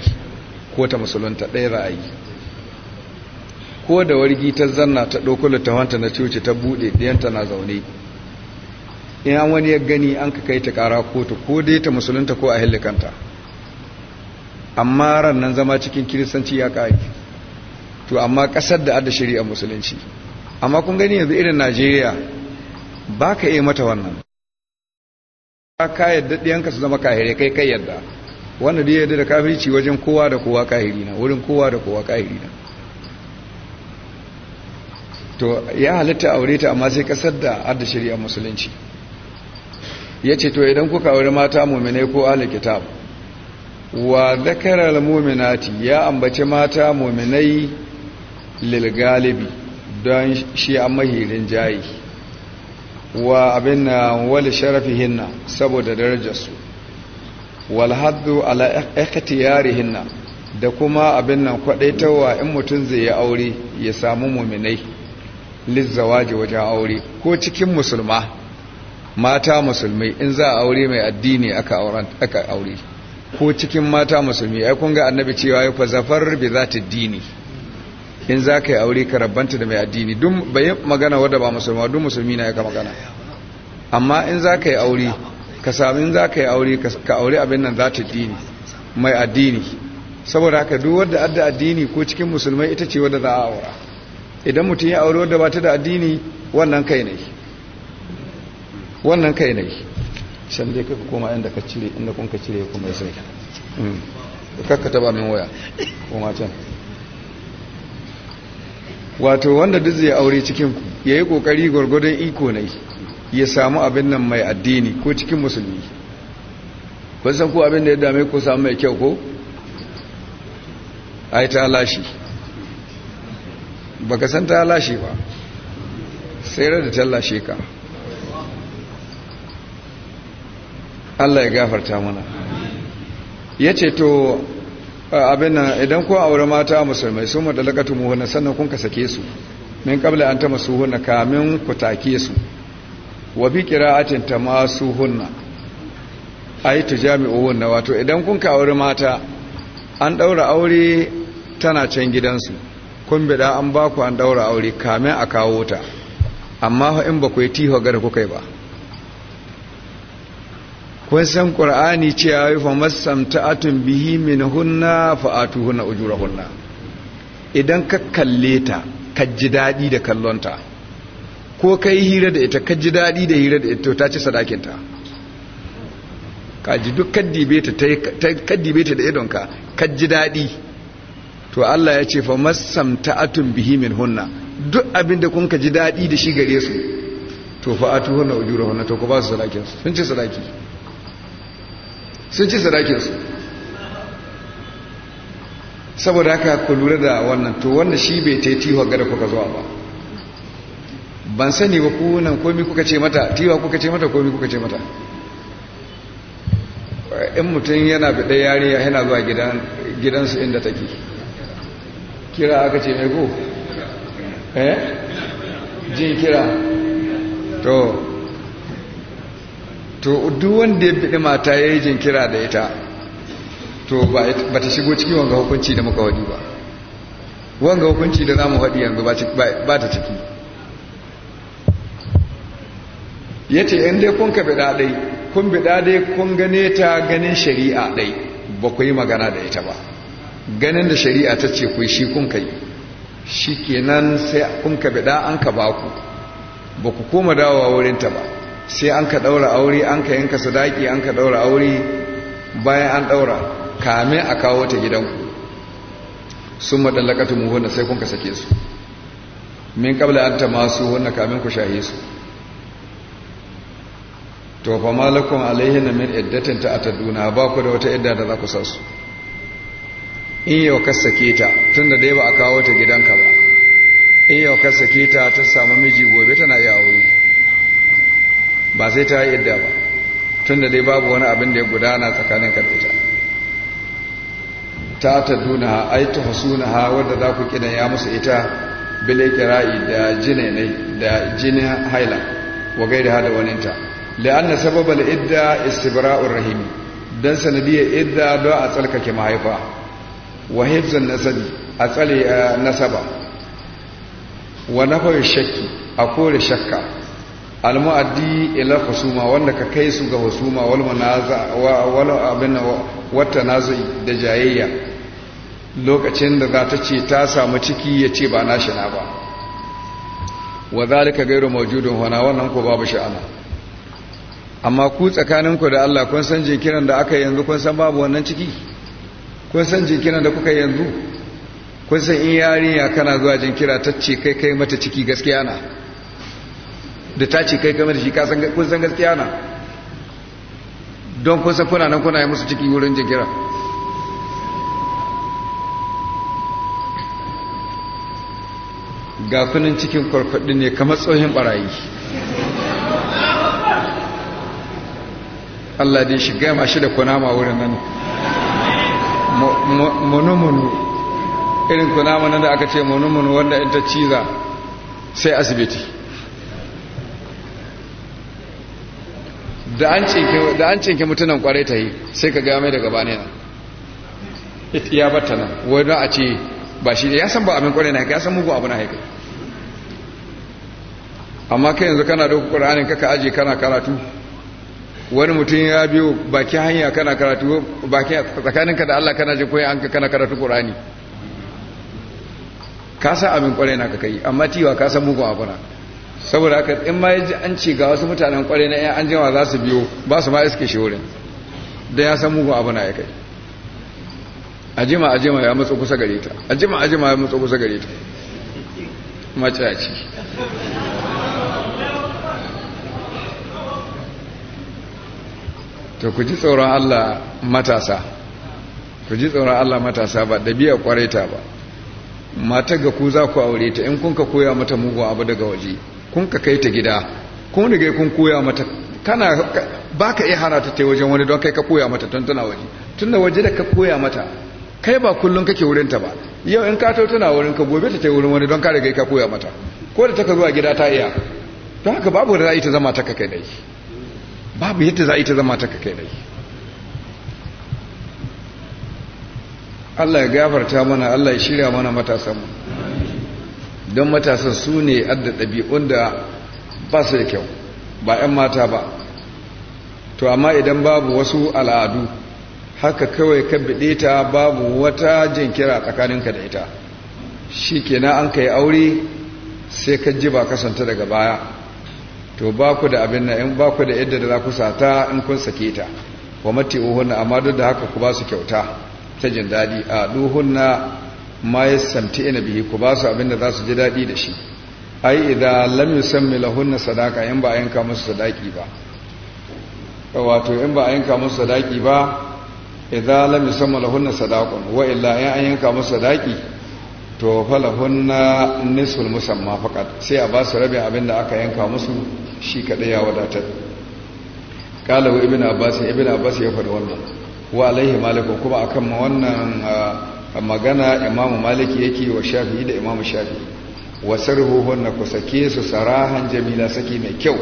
ko ta musulunta ɗaya ra'ayi ko da wargi ta zanna ta ɗauko littafanta na coci ta buɗe ɗiyanta na zaune in an wani ya gani an ka kai ta ƙara kotu ko dai ta musulunta ko a hillikanta amma ran nan zama cikin kiristanci ya ƙari to amma ƙasar da adda shari'a musulunci amma kun gani yanzu irin najeriya ba ka iya mata wannan ka yadda ɗiyanka su zama kahire kai kai yadda wanda da yadda da kafirci wajen kowa da kowa kahiri na wurin kowa da kowa kahiri na to ya halitta aure ta amma sai kasar da hada shari'a musulunci ya ce to idan kuka aure mata muminai ko ala kitab wa zakara al-muminati ya ambaci mata muminai lil galibi don shi an mahirin jayi wa abin na wali sharafihinna saboda darajarsu wal haddu ala ikhtiyarihinna da kuma abin nan kwadaitawa in mutum zai yi aure ya samu muminai lizzawaji wajen aure ko cikin musulma mata musulmai in za a aure mai addini aka aure ko cikin mata musulmi ai kun ga annabi cewa ya fa zafar bi zati dini in za ka yi aure ka rabanta da mai addini duk bayan magana wadda ba musulma duk musulmi na yaka magana amma in za ka yi aure ka sami in za ka yi aure ka aure abin nan zati dini mai addini saboda haka duk wadda adda addini ko cikin musulmai ita ce wadda za a aura idan mutum ya aure wadda ba ta da addini wannan kai ne wannan kai ne can dai kaka koma inda ka cire inda kun ka cire kuma ya sai hmm. da kakka ba min waya koma can wato wanda duk zai aure cikin ku ya yi kokari gwargwadon iko ne ya samu abin nan mai addini ko cikin musulmi kun san ko abin da ya dame ko samu mai kyau ko a yi ta lashi baka san ta lashe ba sai rada ta lashe ka Allah ya gafarta mana ya ce to abin nan idan kun aure mata musulmai sun madalakatu muhunna sannan kun ka sake su min kabla an ta masu hunna kamin ku take su wa bi qira'atin ta masu hunna ai tujami'u hunna wato idan kun ka aure mata an daura aure tana can gidansu kun bida an ba ku an daura aure kamin a kawo ta amma in ba ku yi tiho gada kuka yi ba kun san ƙur'ani ya yi fa masamta'atun bihi min hunna fa'atu hunna ujura hunna idan ka kalle ta ka ji daɗi da kallonta ko ka yi hira da ita ka ji daɗi da hira da ita ta ci sadakinta ka ji duk kaddibe ta da idonka ka ji daɗi to Allah ya ce fa atun bihi min hunna duk abinda kun ka ji daɗi da shi gare su to fa atuhunna hunna to ku ba su sadakin su sun ci sadaki sun ci sadakin su saboda haka ku lura da wannan to wannan shi bai ta tiwa gada kuka zuwa ba ban sani ba ku nan komai kuka ce mata tiwa kuka ce mata komai kuka ce mata in mutum yana bi ɗaya ya yana zuwa gidansu inda take kira aka ce mai go eh jin kira to to duk wanda ya bidi mata ya yi jin kira da ita to ba ta shigo cikin wanga hukunci da muka wadi ba wanga hukunci da za mu haɗi yanzu ba ta ciki ya ce yan dai kun ka bida ɗai kun bida ɗai kun gane ta ganin shari'a ɗai ba ku yi magana da ita ba ganin da shari'a ta ce ku shi kun kai shi kenan sai kun ka bida an ka ba ku ba ku koma dawowa ta ba sai an ka ɗaura aure an ka yanka sadaki an ka ɗaura aure bayan an ɗaura kame a kawo ta gidanku sun maɗallakatu mu wanda sai kun ka sake su min kabla an ta masu wanda kamin ku shahe su to fa malakun na min iddatin ta ataduna ba ku da wata idda da za ku sa su in yau ka sake ta tun da dai ba a kawo ta gidanka ba in yau ka sake ta ta samu miji gobe tana iya aure ba sai ta yi idda ba tun da dai babu wani abin da ya gudana tsakanin ka ta ta duna ai ta na ha wadda za ku kidan ya musu ita bile kira'i da jinai da jini haila wa gaida da waninta la'anna sababal idda istibra'ur rahimi dan sanadiyar idda don a tsarkake mahaifa wa hifzun nasabi a tsare nasaba wa nafar shakki a kore shakka almu'addi ila husuma wanda ka kai su ga husuma wal wal abin wata nazai da jayayya lokacin da za ta ce ta samu ciki ya ce ba na shi na ba wa zalika gairu mawjudun hona wannan ko babu sha'ana amma ku tsakaninku da Allah kun san jinkirin da aka yanzu kun san babu wannan ciki kun san jinkiran da kuka yanzu kun san in yarinya kana zuwa jinkira ta ce kai kai mata ciki gaskiya na da ta ce kai kai mata shi kun san gaskiya na don kun san kuna nan kuna yi musu ciki wurin jinkira ga kunin cikin kwarkwaɗi ne kamar tsohon barayi Allah dai shiga mashi da kunama wurin nan munumunu irin kunama nan da aka ce munumunu wanda in ta ciza sai asibiti da an cinke mutunan kwarai ta yi sai ka gaya mai daga bane na ya batta nan wadda a ce ba shi ya san ba abin kwarai na haika ya san mugu abu na haika amma kai yanzu kana doku ƙwararren kaka aji kana karatu wani mutum ya biyo baki hanya kana karatu baki tsakaninka da Allah kana ji koyi an kana karatu Qur'ani ka san abin kware na ka kai amma tiwa ka san mugun abuna saboda haka in ma yaji an ce ga wasu mutanen kware na yan anjima za su biyo ba su ma iske shi wurin da ya san mugun abuna ya kai ajima ajima ya matso kusa gare ta ajima ajima ya matso kusa gare ta maciyaci to ku ji tsoron Allah matasa ku ji tsoron Allah matasa ba dabi'a ta ba mata ga ku za ku aure ta in kun ka koya mata mugun abu daga waje kun ka kai ta gida kun riga kun koya mata kana baka iya hana ta wajen wani don kai ka koya mata tun tana waje tunda waje da ka koya mata kai ba kullun kake wurin ta ba yau in ka to tana wurin ka gobe ta tai wurin wani don ka riga ka koya mata ko da ta ka zuwa gida ta iya don haka babu da za ta zama ta kai dai babu yadda za a yi ta zama ta kai dai Allah ya gafarta mana Allah ya shirya mana matasanmu don matasan su ne adda ɗabi'un da ba su da kyau ba 'yan mata ba to amma idan babu wasu al'adu haka kawai ka biɗe ta babu wata jinkira ka da ita shi kenan an ka yi aure sai ka ji ba kasanta daga baya to ba ku da abin na in ba ku da yadda da za ku sata in kun sake ta wa uhunna amma duk da haka ku ba su kyauta ta jin daɗi a duhunna ma santi ina bihi ku ba su abin da za su ji daɗi da shi ai idan lam yusammi lahunna sadaqa in ba a yanka musu sadaki ba wato in ba a yanka musu sadaki ba idan lam yusammi lahunna sadaqun wa illa in an yanka musu sadaki to falahunna nisful musamma faqat sai a ba su rabin abin da aka yanka musu shi kaɗai ya wadatar kalawo ibina abbas ibn abbas ya faɗi wannan wa alaihi malikun kuma kan wannan magana imamu maliki yake wa Shafi da imamu wasu wa na ku sake su sarahan jamila saki mai kyau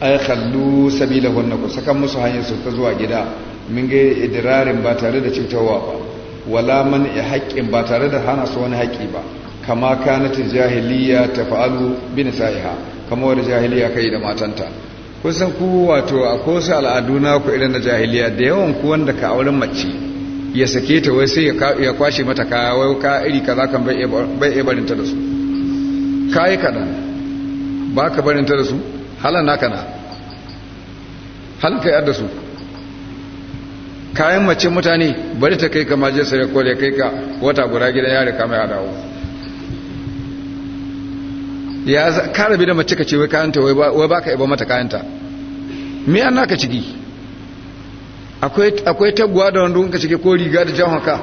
Ai ay khallu sabilahunna ku saka musu hanyar su ta zuwa gida min ga idirarin ba tare da cutarwa ba wala man haƙƙin ba tare da hana su wani haƙƙi ba kama kanatin jahiliya ta fa'alu bin sa'iha kamar jahiliya kai da matanta kusan ku wato a kosa al'adu na ku irin na jahiliya da yawan ku wanda ka auren mace ya sake ta wai sai ya kwashe mata kaya wai ka iri kaza kan bai iya barinta da su kayi kaɗan ba ka barinta da su halar naka na halan ka da su kayan mace mutane bari ta kai ka majalisar ya kore kai ka wata guda gidan yare kama ya dawo ya kara bi da mace ka ce wai kayanta wai ba ka iba mata kayanta me an naka ciki akwai taguwa da wanda ka cike ko riga da jan haka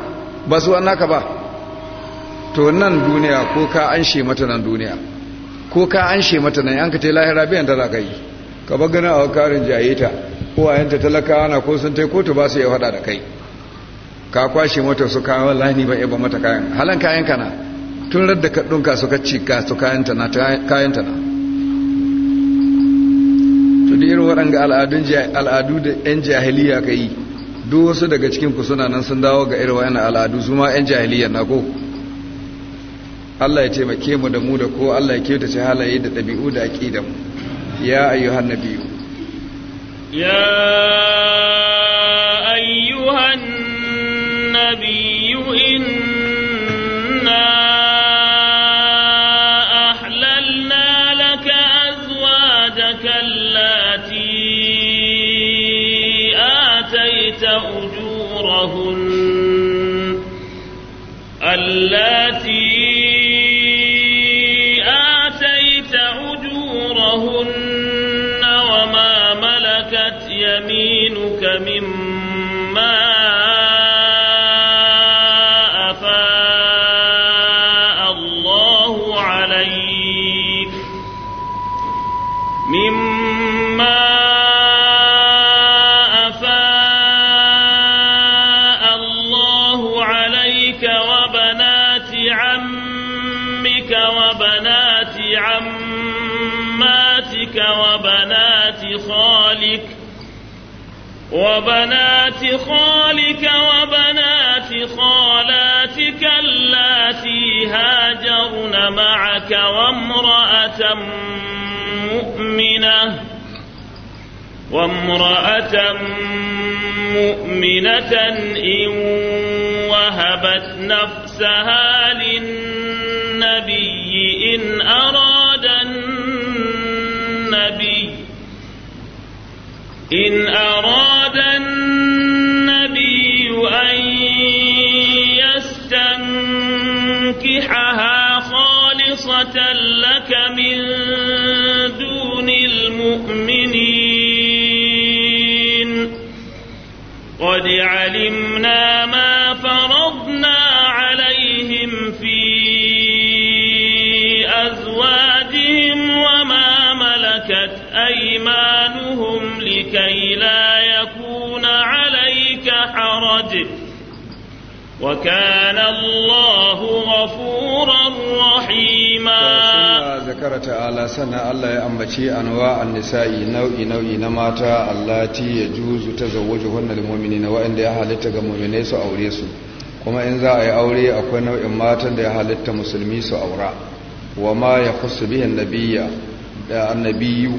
ba su an naka ba to nan duniya ko ka an she mata nan duniya ko ka an she mata nan an ka ta lahira biyan da za ka yi ka ba gana a karin jaye ta uwayenta talakawa na ko sun tai kotu ba su yi hada da kai ka kwashe mata su kawo wallahi ba ba mata kayan halan kayan kana tun radda ka ɗunka su ka ci ka su kayanta na kayanta to da irin waɗanga al'adu da 'yan jahiliya ka yi duk wasu daga cikin ku suna nan sun dawo ga irin waɗannan al'adu su ma 'yan jahiliya na ko Allah ya taimake mu da mu da ko Allah ya kyautace halaye da ɗabi'u da da mu ya ayyuhan biyu ya ayyuhan biyu in من وبنات خالك وبنات خالاتك اللاتي هاجرن معك وامرأة مؤمنة وامرأة مؤمنة إن وهبت نفسها للنبي إن أراد النبي إن أراد أبى النبي أن يستنكحها خالصة لك من دون المؤمنين قد علمنا ما فرضنا عليهم في أزواجهم وما ملكت أيمانهم لكي لا يكون حرج وكان الله غفورا رحيما ذكر تعالى سنة الله يأمبتي أنواع النساء نوعي نوعي نماتا التي يجوز تزوجهن للمؤمنين وإن دي أهلتك مؤمنين سأوليسو kuma in za a yi aure akwai nau'in matan da ya halitta musulmi su aura wa ma ya khusu bihin nabiyya da annabiyu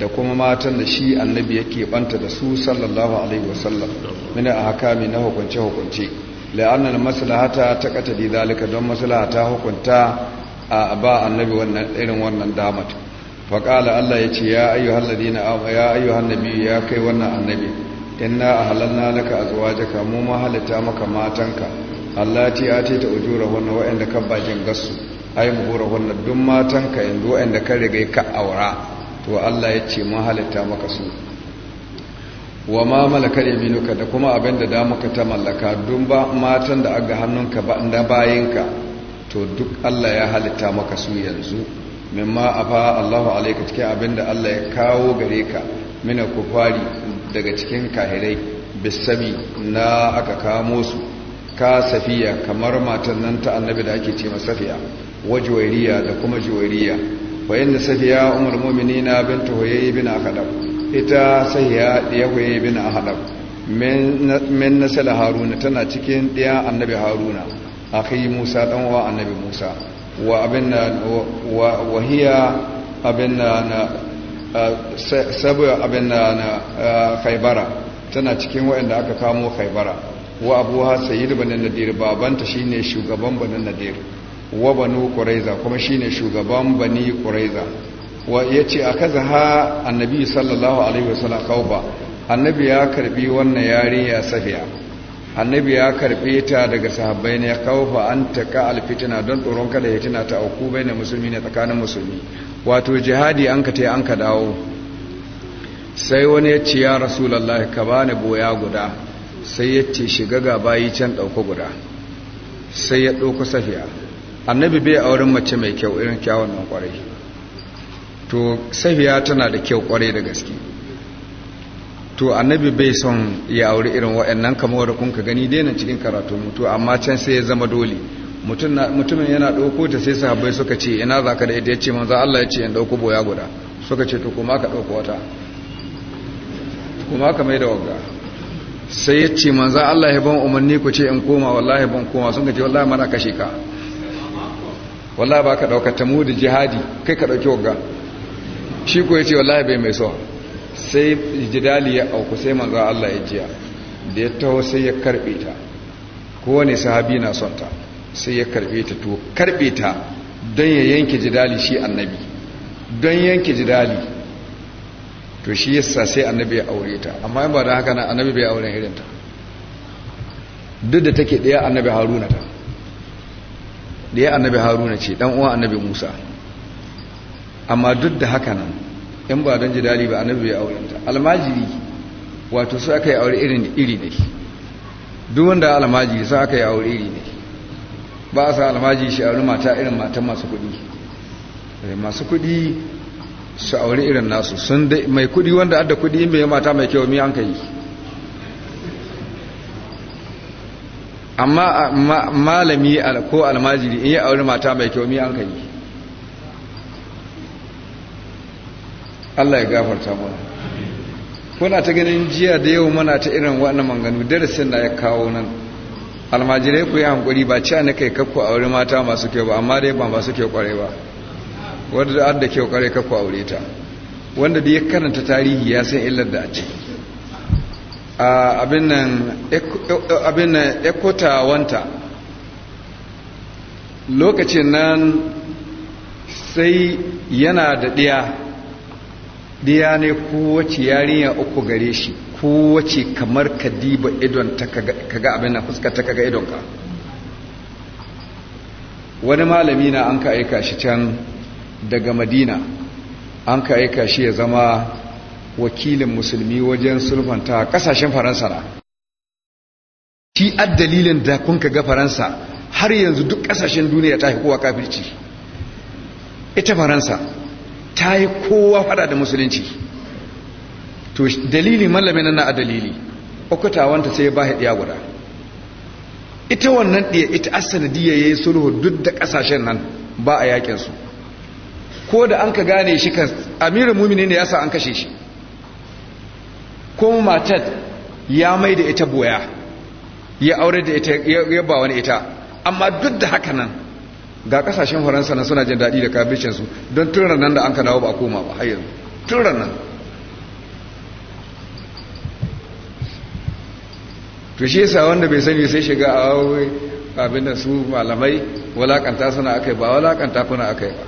da kuma matan da shi annabi yake banta da su sallallahu alaihi wasallam mina a hakami na hukunce-hukunce la'annar maslahata ta katadi zalika don maslahata hukunta a ba annabi wannan irin wannan damat qala Allah ya ce ya ayyuhan ladina ya ayyuhan ya kai wannan annabi inna ahlalna laka azwajaka mu ma maka matanka allati atita ujurahunna wa gasu. Ayi gassu ay wannan dum matanka yanzu wa'anda ka riga ka aura to Allah ya ce mun maka su wa ma malakar yaminuka da kuma abin da damuka ta mallaka don ba matan da aga hannunka ba na bayinka to duk Allah ya halitta maka su yanzu mimma afa Allahu alayka cikin abin da Allah ya kawo gare ka mina kufari daga cikin kahirai bisabi na aka kamo su ka safiya kamar matan nan ta annabi da ake ce masafiya wa juwairiya da kuma juwairiya fa inda safiya umar mu'minina bintu huyay bin akhadab ita safiya ya huyay bin akhadab min Sala haruna tana cikin diya annabi haruna akhi musa dan wa annabi musa wa abinna wa hiya abinna na sabu abinna na khaybara tana cikin waɗanda aka kamo khaybara wa abuha sayyid banin nadir babanta shine shugaban banin nadir wa banu quraiza kuma shine shugaban bani quraiza wa yace ha annabi sallallahu alaihi wasallam kauba annabi ya karbi wannan yarinya safiya annabi ya karbe ta daga sahabbai ne kaufa an ka alfitina don tsoron kada hitina ta auku na musulmi ne tsakanin musulmi wato jihadi an ka an ka dawo sai wani ya ce ya rasulullahi ka bani boya guda sai ya ce shiga ga bayi can dauko guda sai ya ɗauka safiya annabi bai auren mace mai kyau irin kyawun nan kwarai to safiya tana da kyau kwarai da gaske to annabi bai son ya auri irin waɗannan kamar da kun ka gani daina cikin karatu mutu amma can sai ya zama dole mutumin yana ɗauko ta sai sahabbai suka ce ina za ka da ita ya ce manzo Allah ya ce in ɗauko boya guda suka ce to kuma ka ɗauko wata kuma ka mai da wagga sai ya ce manzo Allah ya ban umarni ku ce in koma wallahi ban koma sun ce wallahi mana kashe ka wallahi ba ka ɗauka ta da jihadi kai ka ɗauki wagga shi ko ya ce wallahi bai mai so sai jidali ya auku sai manzo Allah ya jiya da ya taho sai ya karbe ta kowane sahabi na son ta sai ya karbe ta to karbe ta don ya yanke jidali shi annabi don yanke jidali to shi yasa sai annabi ya aure ta amma in ba da haka na annabi bai auren irin ta duk da take daya annabi haruna ta da ya annabi haruna ce dan uwan annabi musa amma duk da haka nan in ba don jidali ba annabi ya aurenta almajiri wato su aka yi aure irin iri ne duk wanda almajiri su aka yi aure iri ne ba a sa almajiri shi aure mata irin matan masu kuɗi eh, masu kuɗi su aure irin nasu sun dai mai kuɗi wanda adda kuɗi in bai mata mai kyau mi an ka yi amma malami ko almajiri in yi auri mata mai kyau mi an kai Allah ya gafarta mana kuna ta ganin jiya da yau muna ta irin wannan manganu darasin da ya kawo nan almajirai ku yi hankuri ba ci na kai kakku aure mata masu kyau ba amma dai ba masu kyau kwarai ba wadda da kyau kwarai kakku aure ta wanda da ya karanta tarihi ya san illar da a ciki abin nan ekotawanta e, e, lokacin nan sai yana da ɗiya ɗiya ne kowace yarinya uku gare shi kowace kamar ka diba idon ta kaga abin nan fuska ta kaga idonka wani malami na an ka aika shi can daga madina an ka aika shi ya zama wakilin musulmi wajen sulfanta kasashen faransa na shi dalilin da kun ga faransa har yanzu duk kasashen duniya ta kowa kafirci ita faransa ta yi kowa fada da musulunci to dalili mallamin na a dalili okutawanta sai ya ba haɗiya guda ita wannan ɗaya ita asanadiyya ya yi sulhu duk da ƙasashen nan ba a yakinsu ko da an ka gane shi kan amirin mumini ne ya sa an kashe shi ko matar ya mai da ita boya ya aure da ita ya ba wani ita amma duk da haka nan ga kasashen faransa nan suna jin daɗi da kabicinsu don turan nan da an ka dawo ba a koma ba hayan turan nan to shi yasa wanda bai sani sai shiga a abin da su malamai walakanta suna akai ba walakanta kuna akai ba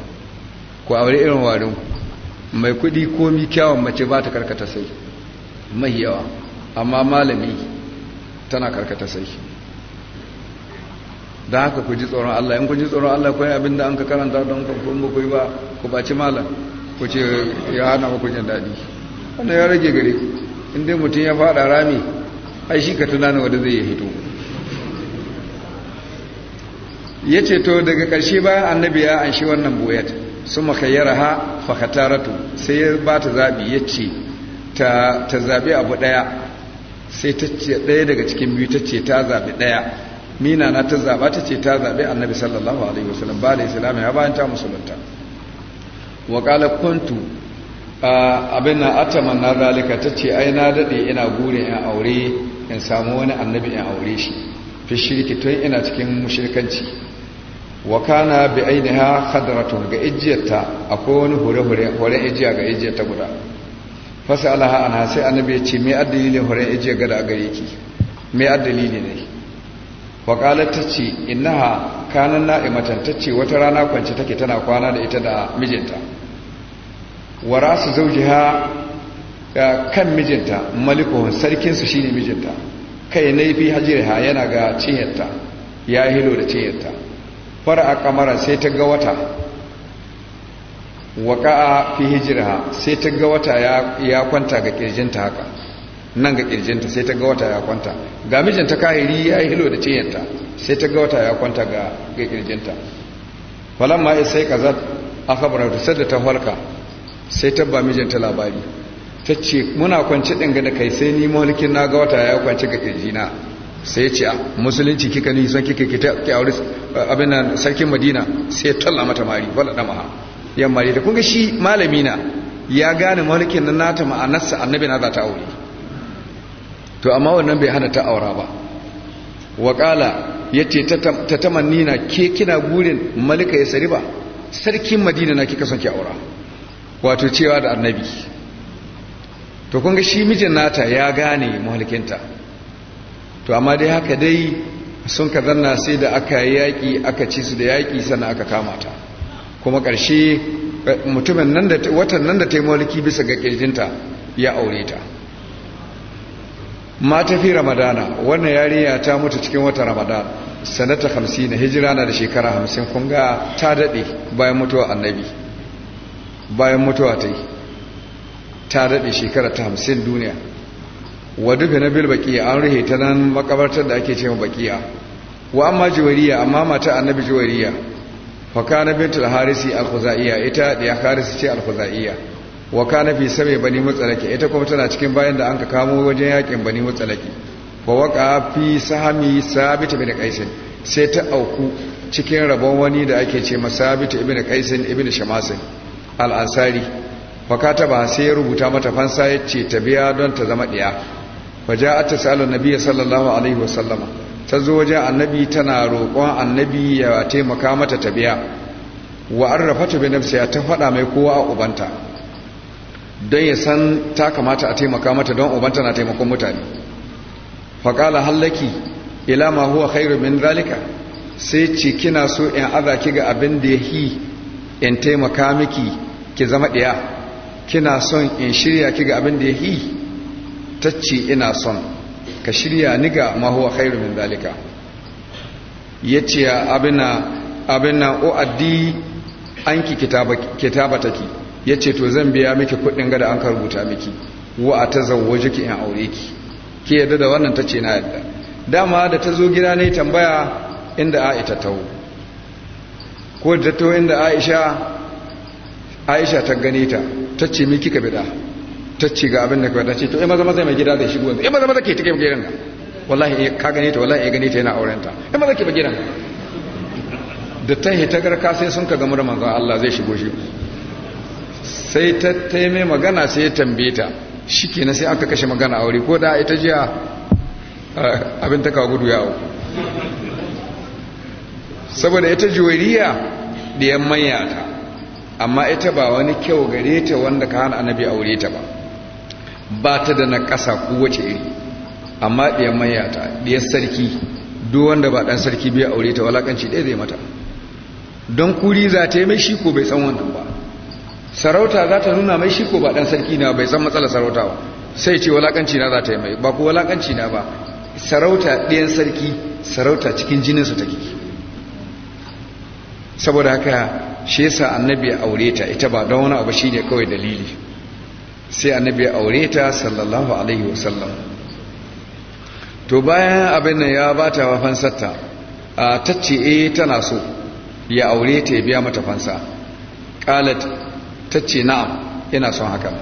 ku aure irin warin mai kuɗi komi kyawun mace ba ta karkata sai mai yawa amma malami tana karkata sai don haka ku ji tsoron Allah in ku ji tsoron Allah yi abin da an ka karanta don kwamfan ba ku yi ba ku baci malam ku ce ya hana ku jin daɗi wannan ya rage gare ku inda mutum ya faɗa rami ai shi ka tunani wanda zai yi hito ya ce to daga ƙarshe bayan annabi ya an shi wannan boyat su makayyara ha fakataratu sai ya ba ta zaɓi ya ce ta zabi abu daya sai ta ce daya daga cikin biyu ta ce ta zabi daya mina na ta zaba ta ce ta zabi annabi sallallahu alaihi wasallam ba da islam ya bayan ta musulunta wa qala kuntu abin na ataman na zalika ta ce ai na dade ina gurin in aure in samu wani annabi in aure shi fi shirki tun ina cikin mushrikanci wa kana bi ainiha ga ijiyarta akwai wani hore hore hore ijiya ga ijiyarta guda fasa alaha anha sai annabi ya ce mai hore horon ajiye gada a gare ki mai addalili ne waƙalar ta ce innaha kanan ta ce wata rana kwanci take tana kwana da ita da mijinta wa rasu zaujiha kan mijinta malikun sarkinsu shine mijinta kai na fi ha yana ga cihinta ya hilo da cinyarta fara a kamara sai ta ga wata waƙa'a fi hijira sai ta ga wata ya kwanta ga ƙirjinta haka nan ga ƙirjinta sai ta ga wata ya kwanta ga mijinta kahiri ya yi hilo da ciyanta sai ta ga wata ya kwanta ga ƙirjinta falon ma sai kazat a kabarar da sadda ta halka sai ta ba mijinta labari ta ce muna kwanci ɗin da kai sai ni mulkin na ga wata ya kwanci ga ƙirjina sai ce a ah, musulunci kika ni son kika ki aure abin nan sarkin madina sai ya talla mata mari wala ɗamaha yamma da kun ga shi malami na ya gane mulkin nan nata ma'anarsa annabi na za ta aure to amma wannan bai hana ta aura ba waƙala ya ce ta tamanni na ke kina burin malika ya sari ba sarkin madina na kika son ki aura wato cewa da annabi to kun ga shi mijin nata ya gane mahalikinta to amma dai haka dai sun ka zanna sai da aka yaƙi aka ci su da yaƙi sannan aka kama ta kuma ƙarshe eh, mutumin nan da watan nan da ta yi mulki bisa ga ƙirjinta ya aure ta ma fi ramadana wannan yarinya ta mutu cikin watan ramadana sanata hamsin na hijira na da shekara hamsin kun ga ta daɗe bayan mutuwa annabi bayan mutuwa ta yi ta daɗe shekara ta hamsin duniya wadda fi na bil baƙiya an ruhe ta nan makabartar da ake ce ma baƙiya wa amma jiwariya amma mata annabi jiwariya fakana bintul harisi al-khuzaiya ita da harisi ce al-khuzaiya wa kana fi sabai bani mutsalaki ita kuma tana cikin bayan da anka kamo wajen yakin bani mutsalaki fa waqa fi sahmi sabit bin qais sai ta auku cikin rabon wani da ake ce masabit ibn qais ibn shamasin al-ansari fa kataba sai ya rubuta mata fansa yace ta biya don ta zama diya fa ja'at tasalu nabiyyi sallallahu alaihi wasallama ta zo wajen annabi tana roƙon annabi ya taimaka mata ta biya wa ta bi ya ta faɗa mai kowa a ubanta don ya san ta kamata a taimaka mata don ubanta na taimakon mutane faƙala hallaki ila ma huwa khairu min zalika sai ce kina so in aza ki ga abin da hi in taimaka miki ki zama ɗaya kina son in shirya ki ga abin da Ta ce ina son ka shirya ni ga mahuwa khairu min zalika yace abina abina uaddi an ki kitaba take ce to zan biya miki kudin gada an ka rubuta miki wa jiki in aure ki ki yadda da wannan ta ce na yadda dama da ta zo gida ne tambaya inda ita tawo ko da tawo inda Aisha Aisha ta gane ta ta ce miki ka bida tacce ga abin da ka wadace to ima eh, zama zai mai gida da shigo yanzu ima eh, zama zake take gidan nan wallahi eh, ka gane ta wallahi ya gane ta yana auren ta ima zake ba gidan da ta hita garka sai sun ka gamu da Allah zai shigo shi sai ta taime magana sai ya tambaye ta shikenan sai aka kashe magana aure ko da ita jiya abin ta kawo gudu yawo saboda ita juwariya da yan manya ta amma ita ba wani kyau gare ta wanda ka hana annabi aure ta ba ba ta da na ƙasa ko wace iri amma ɗiyar mayata ɗiyar sarki duk wanda ba ɗan sarki biya aure ta walakanci ɗaya zai mata don kuri za ta yi mai shi ko bai san wannan ba sarauta za ta nuna mai shi ko ba ɗan sarki na bai san matsalar sarauta ba sai ce walakanci na za ta yi mai ba ko walakanci na ba sarauta ɗayan sarki sarauta cikin jininsa take saboda haka shi yasa annabi a aure ta ita ba don wani abu shine kawai dalili sai annabi ya aure ta sallallahu alaihi wasallam to bayan abin nan ya bata wa fansarta a tacce eh tana so ya aure ta ya biya mata fansa qalat tacce na'am ina son haka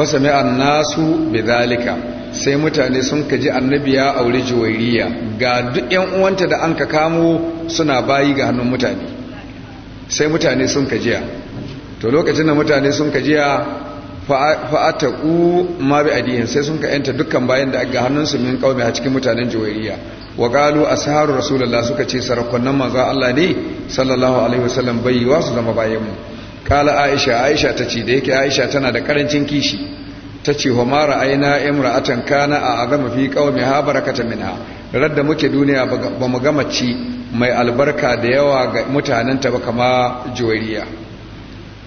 fasami nasu bidhalika sai mutane sun kaji annabi ya aure juwairiya ga duk yan uwanta da an ka kamo suna bayi ga hannun mutane sai mutane sun kajiya to lokacin da mutane sun kajiya fa'ataku ma bi adiyin sai sun ka yanta dukkan bayan da aga hannunsu min kaume a cikin mutanen juwairiya wa galu asharu rasulullah suka ce sarakunan manzo Allah ne sallallahu alaihi wasallam bai wa su zama bayan mu kala aisha aisha tace da yake aisha tana da karancin kishi tace wa aina imra imra'atan kana a azama fi ha barakata minha radda muke duniya ba mu gama ci mai albarka da yawa ga mutanenta ba kama juwairiya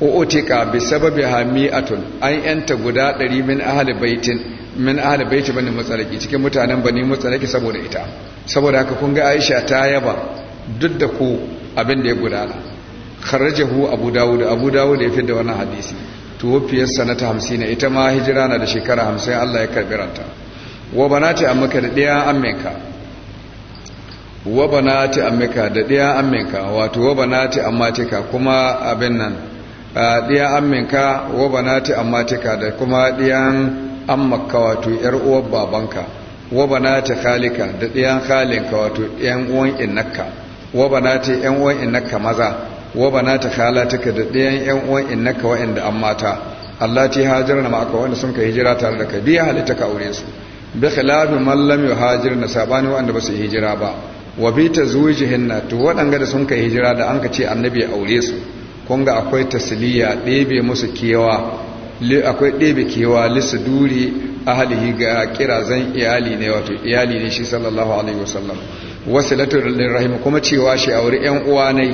utika bi sababi hami'atun an yanta guda 100 min ahli baitin min ahli baiti bani mutsalaki cikin mutanen bani mutsalaki saboda ita saboda haka kun ga Aisha ta yaba duk da ku abin da ya gudana kharajahu Abu Dawud Abu Dawud ya fitar da wannan hadisi wafiyar sanata 50 ita ma hijira na da shekara 50 Allah ya karbiranta ranta wa banati amka da daya amminka wa banati ammaka da daya amminka wato wa banati ka kuma abin nan ɗiyan amminka wa banati ammatika da kuma ɗiyan ammaka wato ‘yar uwar babanka wa ta khalika da ɗiyan khalinka wato ‘yan uwan innaka wa ta ‘yan uwan innaka maza wa banati khalatika da ɗiyan ‘yan uwan innaka wa'inda amma ta. Allah ti hajar na maka wanda sun ka hijira tare da ka biya halitta ka aure su bi khilafi man lam yuhajir na sabani wanda ba su hijira ba wa bi tazwijihinna to wadanga da sun ka hijira da an ka ce annabi ya aure su Kunga akwai tasliya ɗebe musu kewa akwai ɗebe kewa lissaduri ahalihi ga kirazan iyali ne wato iyali ne shi sallallahu alaihi wasallam wasilatul rahim kuma cewa shi aure yan uwa ne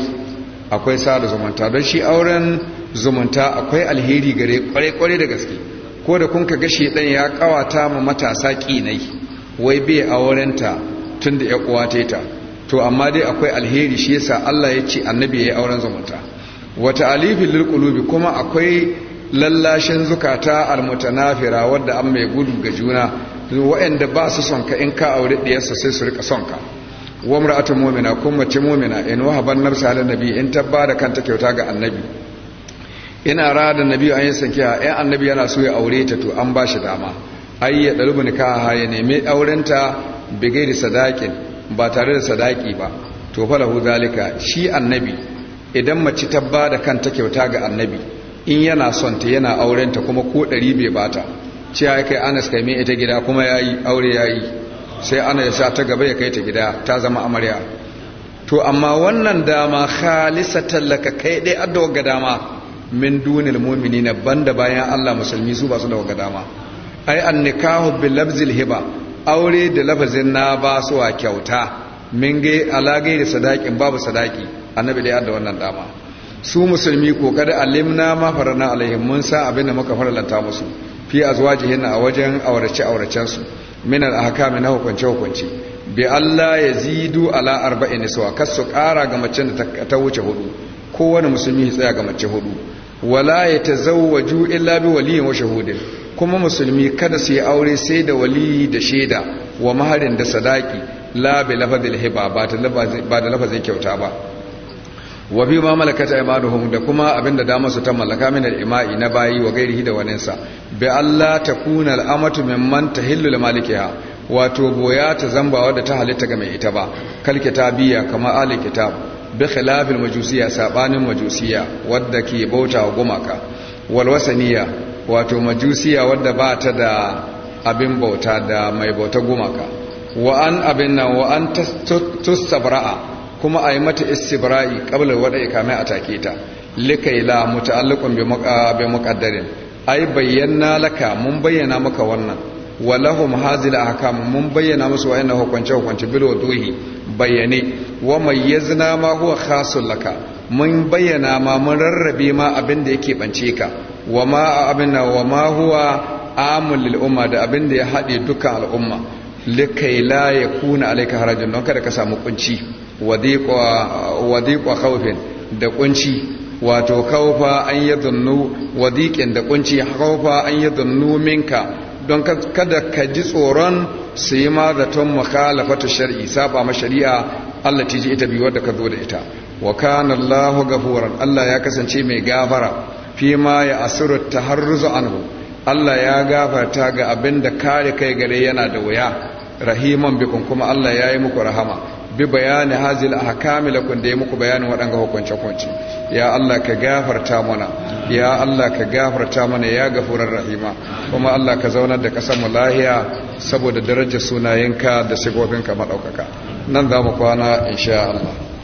akwai sada zumunta don shi auren zumunta akwai alheri gare kware kware da gaske ko da kun ka gashi dan ya kawata ma matasa kinai wai bai aurenta tunda ya kuwa ta to amma dai akwai alheri shi yasa Allah ya ce annabi ya yi auren zumunta wata alifin lulkulubi kuma akwai lallashin zukata almutanafira wadda an mai gudu ga juna waɗanda ba su son ka in ka aure ɗiyarsa sai su rika son ka wa mar'atu mu'mina kun mace mu'mina in wahaban nafsa halin nabi in tabba da kanta kyauta ga annabi ina da nabi an yi sankiya 'yan annabi yana so ya aure ta to an ba shi dama ai ya dalubu ha ya nemi aurenta bigai da sadakin ba tare da sadaki ba to falahu zalika shi annabi idan mace ta ba da kanta kyauta ga annabi in yana son ta yana aurenta kuma ko ɗari bai bata cewa ya kai anas kai ita gida kuma ya yi aure ya yi sai ana ya sa ta gaba ya kai ta gida ta zama amarya to amma wannan dama khalisa tallaka kai dai adda ga dama min dunil mu'minina banda bayan Allah musulmi su ba su da ga dama ai an nikahu bi labzil hiba aure da lafazin na ba su wa kyauta min ga alagai da sadakin babu sadaki annabi da ya da wannan dama su musulmi ko kada alimna ma farana alaihim mun sa abin da muka faralanta musu fi azwajihin a wajen aurace auracen su min al ahkam na hukunce hukunci bi Allah yazidu ala arba'in niswa kas su kara ga mace da ta wuce hudu kowane musulmi ya tsaya ga mace hudu wala yatazawwaju illa bi waliyin wa shahudin kuma musulmi kada su yi aure sai da waliyi da shaida wa maharin da sadaki la bi lafazil hiba ba da lafazin kyauta ba wa bi ma malakat aymanuhum da kuma abinda dama su ta mallaka min al-ima'i na bayi wa gairihi da waninsa bi Allah takuna al-amatu mimman tahillu li malikiha wato boya ta zamba wadda ta halitta ga mai ita ba kal kitabiyya kama ahli kitab bi khilaf al-majusiyya sabanin majusiyya wadda ke bauta wa gumaka wal wasaniyya wato majusiyya wadda ba ta da abin bauta da mai bauta gumaka wa an abin wa an tustabra'a kuma a yi mata istibra'i qabla ya kame a take ta yi la muta'alliqun bi muqaddarin ai bayyana laka mun bayyana maka wannan walahum hazil ahkam mun bayyana musu wayannan hukunce hukunce bil wuduhi bayyane wa mayyazna ma huwa khasul laka mun bayyana ma mun rarrabe ma abin da yake bance ka wa ma abinna wa ma huwa amul lil da abinda ya hade dukkan al'umma yi la kuna alayka harajin don kada ka samu kunci wadiƙwa khawfin da kunci wato kawfa an yi zannu wadiƙin da kunci kawfa an yi zannu minka don kada ka ji tsoron su yi ma zaton ta saba ma shari'a Allah ji ita biyu wadda ka zo da ita wa kana Allahu Allah ya kasance mai gafara fi ma ya asiru taharruzu anhu Allah ya gafarta ga abin da kare kai gare yana da wuya rahiman bikun kuma Allah ya yi muku rahama bi bayani hazil ahkami lakun da ya muku bayanin waɗanga hukunce-hukunce ya Allah ka gafarta mana ya Allah ka gafarta mana ya gafurar rahima kuma Allah ka zaunar da ƙasar mu lahiya saboda darajar sunayenka da sigofinka madaukaka nan za mu kwana sha Allah